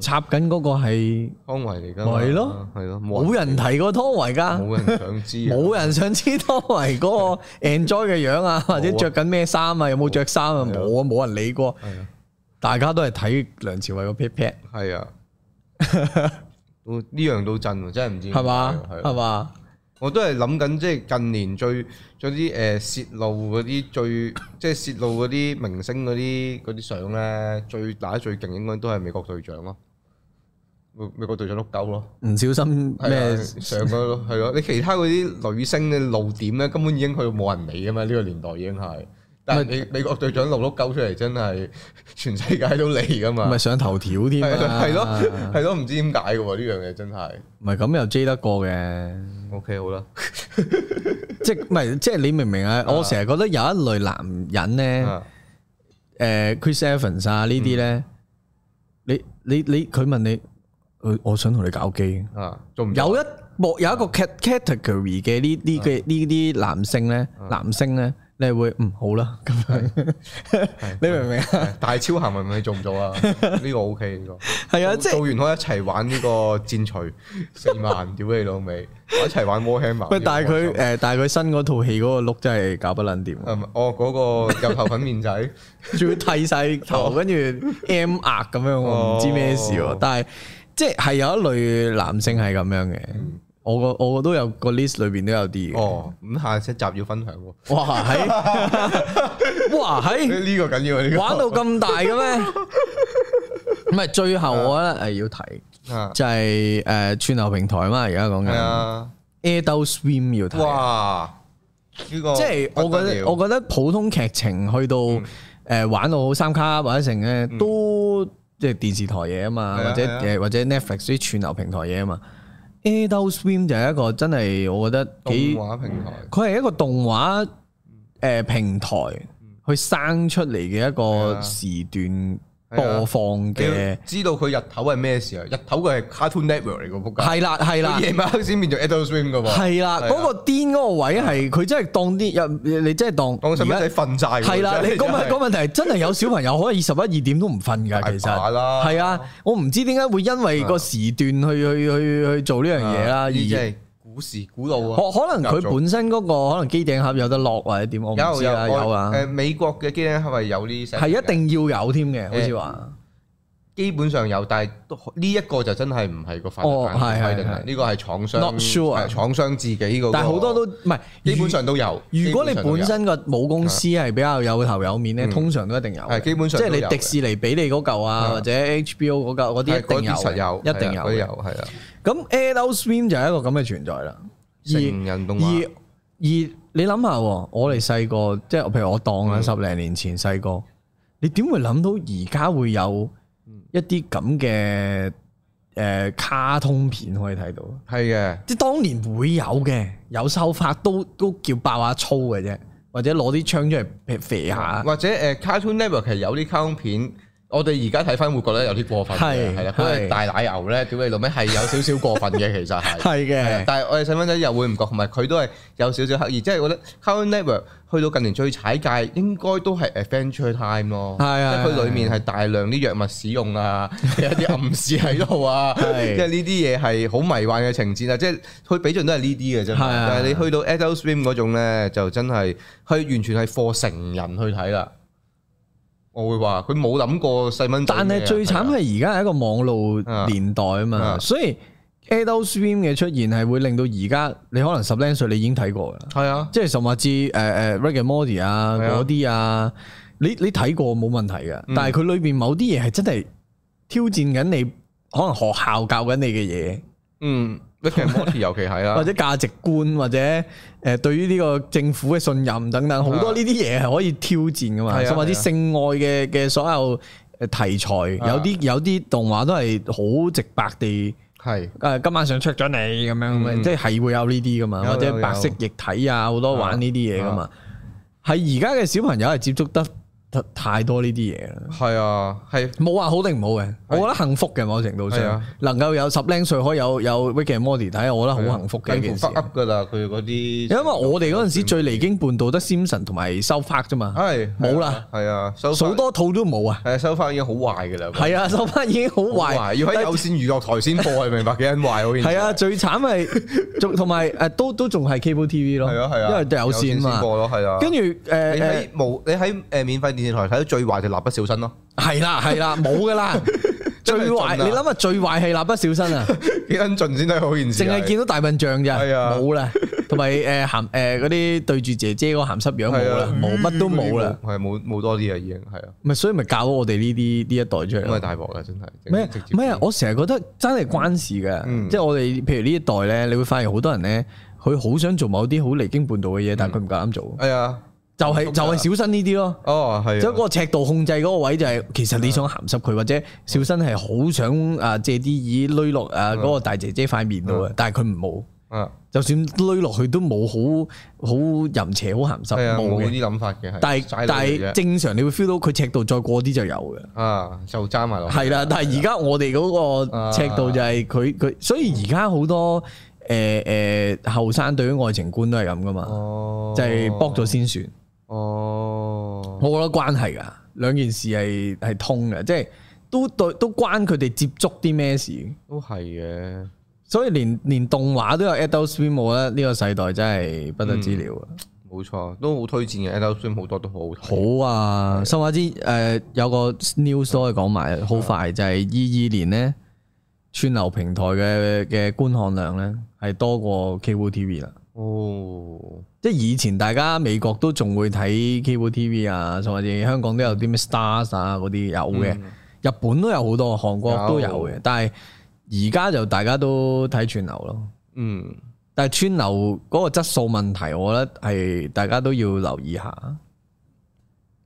插緊嗰個係湯唯嚟噶，係咯，係咯，冇人提過湯唯噶，冇人想知，冇人想知湯唯嗰個 enjoy 嘅樣啊，或者着緊咩衫啊，有冇着衫啊，冇啊，冇人理過，大家都係睇梁朝偉個 pat pat，係啊，呢樣到陣喎，真係唔知係嘛吧，係嘛對了。我都係諗緊，即係近年最，嗰啲誒泄露嗰啲最，即係泄露嗰啲明星嗰啲嗰啲相咧，最打得最勁應該都係美國隊長咯，美國隊長碌鳩咯，唔小心咩上咗，係咯、啊，你其他嗰啲女星嘅露點咧，根本已經去到冇人理㗎嘛，呢、呢個年代已經係。但係美美國隊長六碌鳩出嚟，真係全世界都嚟噶嘛？咪上頭條添係咯係咯，唔知點解嘅呢樣嘢真係。咪咁又追得過嘅？OK 好啦，即係唔係即係你明唔明啊？我成日覺得有一類男人咧，誒 Chris Evans 啊呢啲咧，你你你佢問你，我我想同你搞基啊，有一博有一個 category 嘅呢呢嘅呢啲男性咧，男性咧。你會唔、嗯、好啦？咁樣，是 你明唔明啊？大超行明唔明你做唔做、這個這個、啊？呢個 OK，呢個係啊，即係做完可以一齊玩呢個戰錘四萬，屌你老味，一齊玩 Warhammer 但係佢誒，但係佢新嗰套戲嗰個 look 真係搞不撚掂。哦，係，我嗰個油頭粉面仔，仲要剃晒頭，跟住 M 額咁樣，我唔知咩事喎。但係即係係有一類男性係咁樣嘅。嗯我個我個都有個 list 裏邊都有啲哦，咁下一集要分享。哇，喺，哇，喺，呢個緊要，玩到咁大嘅咩？唔係，最後我覺得係要提，就係誒串流平台嘛，而家講緊。係啊 Adult Swim 要睇。哇，呢個即係我覺得我覺得普通劇情去到誒玩到三卡或者成咧，都即係電視台嘢啊嘛，或者誒或者 Netflix 啲串流平台嘢啊嘛。Adult Swim 就係一個真係，我覺得幾動畫平台，佢係一個動畫誒、呃、平台去生出嚟嘅一個時段。播放嘅，知道佢日頭係咩事啊？日頭佢係卡通 network 嚟嘅，撲街。係啦係啦，夜晚先變做 adult swim 嘅係啦，嗰個癲嗰個位係，佢真係當啲日，你真係當。而家瞓晒。係啦，你個問個問題係真係有小朋友可以十一二點都唔瞓噶，其實係啊，我唔知點解會因為個時段去去去去做呢樣嘢啦。股市古老啊！可能佢本身嗰個可能機頂盒有得落或者點，我唔知啊。有啊，有啊，誒美國嘅機頂盒係有呢？係一定要有添嘅，好似話基本上有，但係呢一個就真係唔係個法規規定，呢個係廠商，not sure，係廠商自己個。但係好多都唔係，基本上都有。如果你本身個母公司係比較有頭有面咧，通常都一定有。係基本上，即係你迪士尼俾你嗰嚿啊，或者 HBO 嗰嚿嗰啲，一定有，一定有，係啊。咁《Adult Swim》就係一個咁嘅存在啦。而成人動畫而而你諗下，我哋細個，即係譬如我當緊十零年前細個，嗯、你點會諗到而家會有一啲咁嘅誒卡通片可以睇到？係嘅的，即係當年會有嘅，有收法都都叫爆下粗嘅啫，或者攞啲槍出嚟肥下、嗯，或者誒卡通 Network 其實有啲卡通片。我哋而家睇翻會覺得有啲過分嘅，係啦是，佢的大奶牛咧，屌你老味，係有少少過分嘅， 其實係。係嘅是的。但係我哋細蚊仔又會唔覺，同埋佢都係有少少刻意，即係我覺得《Cartoon Network》去到近年最踩界，應該都係《Adventure Time》咯。係啊。即係佢裡面係大量啲藥物使用啊，是的 一啲暗示喺度啊，即係呢啲嘢係好迷幻嘅情節啊，即係佢畀盡都係呢啲嘅啫。但係你去到《Adult Swim》嗰種咧，就真係佢完全係課成人去睇啦。我會話佢冇諗過細蚊仔，但係最慘係而家係一個網絡年代啊嘛，啊啊所以 Adult Swim 嘅出現係會令到而家你可能十零歲你已經睇過噶，係啊，即係甚至誒誒 Rick and Morty 啊嗰啲啊，啊，你你睇過冇問題嘅，啊，但係佢裏邊某啲嘢係真係挑戰緊你可能學校教緊你嘅嘢，啊，嗯。嗯尤其係啊，或者價值觀，或者誒對於呢個政府嘅信任等等，好多呢啲嘢係可以挑戰噶嘛。甚至、啊啊、性愛嘅嘅所有誒題材，啊、有啲有啲動畫都係好直白地係誒、啊啊，今晚上出咗你咁樣，啊嗯、即係會有呢啲噶嘛，有有有或者白色液體啊，好多玩呢啲嘢噶嘛，係而家嘅小朋友係接觸得太多呢啲嘢啦，係啊，係冇話好定唔好嘅，我覺得幸福嘅某程度上，能夠有十零歲可以有有 Wicked Monday 睇，我覺得好幸福嘅。近乎 fuck 噶啦，佢嗰啲，因為我哋嗰陣時最離經叛道得 Simpsons 同埋 South Park 啫嘛，係冇啦，係啊，好多套都冇啊，係 South Park 已經好壞噶啦，係啊，South Park 已經好壞，要喺有綫娛樂台先播，係明白幾狠壞，我現係啊，最慘係仲同埋誒都都仲係 Cable TV 咯，係啊係啊，因為有綫先播咯，係啊，跟住誒誒無你喺誒免費電視台睇到最壞就蠟筆小新咯，係啦係啦，冇噶啦，最壞你諗下最壞係蠟筆小新啊，幾恩進先睇好現實，淨係見到大笨象咋，冇啦，同埋誒咸誒嗰啲對住姐姐嗰咸濕樣冇啦，冇乜都冇啦，係冇冇多啲啊，已經係啊，咪所以咪教好我哋呢啲呢一代出嚟，真係大鑊噶，真係，咩直接？咩啊，我成日覺得真係關事噶，即係我哋譬如呢一代咧，你會發現好多人咧，佢好想做某啲好離經叛道嘅嘢，但係佢唔夠膽做，係啊。就係就係小新呢啲咯，哦，係。即個尺度控制嗰個位就係其實你想鹹濕，佢或者小新係好想啊借啲意，攞落啊嗰個大姐姐塊面度嘅，但係佢唔冇。就算攞落去都冇好好淫邪好鹹濕冇嘅。啲諗法嘅，但係但係正常你會 feel 到佢尺度再過啲就有嘅。啊，就揸埋落。係啦，但係而家我哋嗰個尺度就係佢佢，所以而家好多誒誒後生對於愛情觀都係咁㗎嘛，就係搏咗先算。哦，oh，我覺得關係噶，兩件事係係通嘅，即係都對都關佢哋接觸啲咩事。都係嘅，所以連連動畫都有 Adult Swim 喎，呢個世代真係不得之了啊！冇、嗯、錯，都好推薦嘅 Adult Swim 好多都好、嗯、好啊！的甚至誒、呃、有個 news 都係講埋，好快就係二二年咧，串流平台嘅嘅觀看量咧係多過 K O T V 啦。哦，即係以前大家美國都仲會睇 KTV 啊，甚至香港都有啲咩 Stars 啊嗰啲有嘅，嗯、日本都有好多，韓國都有嘅，有但係而家就大家都睇串流咯。嗯，但係串流嗰個質素問題，我覺得係大家都要留意下。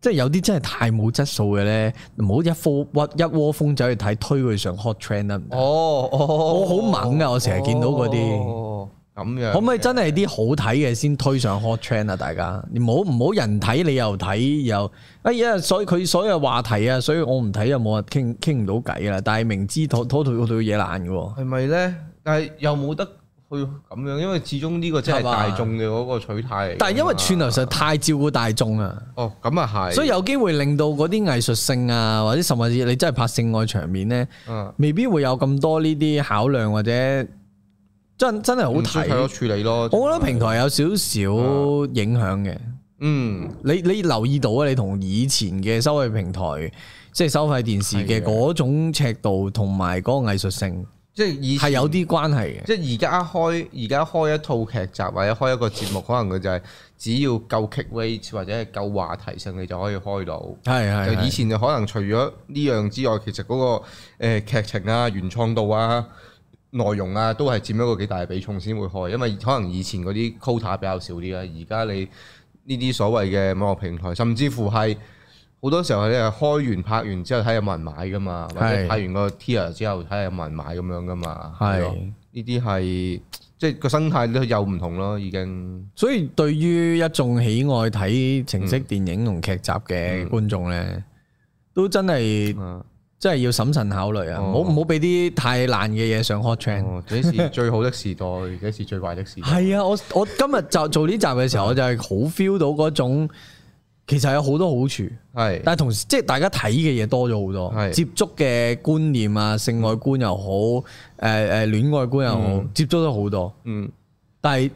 即、就、係、是、有啲真係太冇質素嘅咧，唔好一科屈一窩蜂走去睇推佢上 Hot Trend 哦，哦，我，哦我好猛㗎！我成日見到嗰啲。哦哦哦哦哦咁樣可唔可以真係啲好睇嘅先推上 hot trend 啊？大家你冇唔好人睇，你又睇又哎呀！所以佢所有話題啊，所以我唔睇又冇話傾傾唔到偈啦。但係明知妥妥妥妥嘢爛嘅喎，係咪咧？但係又冇得去咁樣，因為始終呢個真係大眾嘅嗰個取態。但係因為串流實在太照顧大眾啊。哦，咁啊係。所以有機會令到嗰啲藝術性啊，或者甚至你真係拍性愛場面咧，嗯、未必會有咁多呢啲考量或者。真真係好睇，處理咯。是我覺得平台有少少影響嘅。嗯，你你留意到啊？你同以前嘅收費平台，即係收費電視嘅嗰種尺度同埋嗰個藝術性，即係、就是、以係有啲關係嘅。即係而家開而家開一套劇集或者開一個節目，可能佢就係只要夠 hit rate 或者係夠話題性，你就可以開到。係係的。就以前就可能除咗呢樣之外，其實嗰、那個誒、呃、劇情啊、原創度啊。內容啊，都係佔一個幾大嘅比重先會開，因為可能以前嗰啲 quota 比較少啲啦。而家你呢啲所謂嘅網絡平台，甚至乎係好多時候你係開完拍完之後睇下有冇人買噶嘛，是或者拍完個 t e a 之後睇下有冇人買咁樣噶嘛。係是，呢啲係即係個生態都有唔同咯，已經。所以對於一眾喜愛睇情色電影同劇集嘅觀眾咧，嗯嗯、都真係。真係要審慎考慮啊！唔好唔好俾啲太爛嘅嘢上 hot trend。幾、哦、時最好的時代？幾 時最壞的時代？係啊！我我今日就做呢集嘅時候， 我就係好 feel 到嗰種其實有好多好處，係是但係同時即係大家睇嘅嘢多咗好多，是接觸嘅觀念啊，性愛觀又好，誒誒戀愛觀又好，嗯、接觸咗好多。嗯，但係。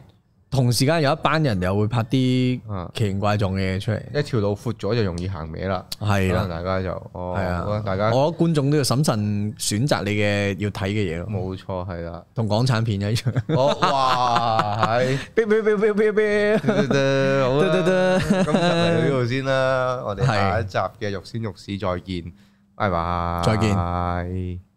同時間有一班人又會拍啲奇形怪狀嘅嘢出嚟，啊，一條路闊咗就容易行歪啦，係啦的，大家就，係、哦、啊，的大家我覺得觀眾都要審慎選擇你嘅要睇嘅嘢咯，冇、嗯、錯，係啦，同港產片一樣。哦，哇，係 的，嘟嘟嘟，好啦，咁就嚟到呢度先啦，我哋下一集嘅 cine 之慾 cine 慾史再見，拜拜，再見。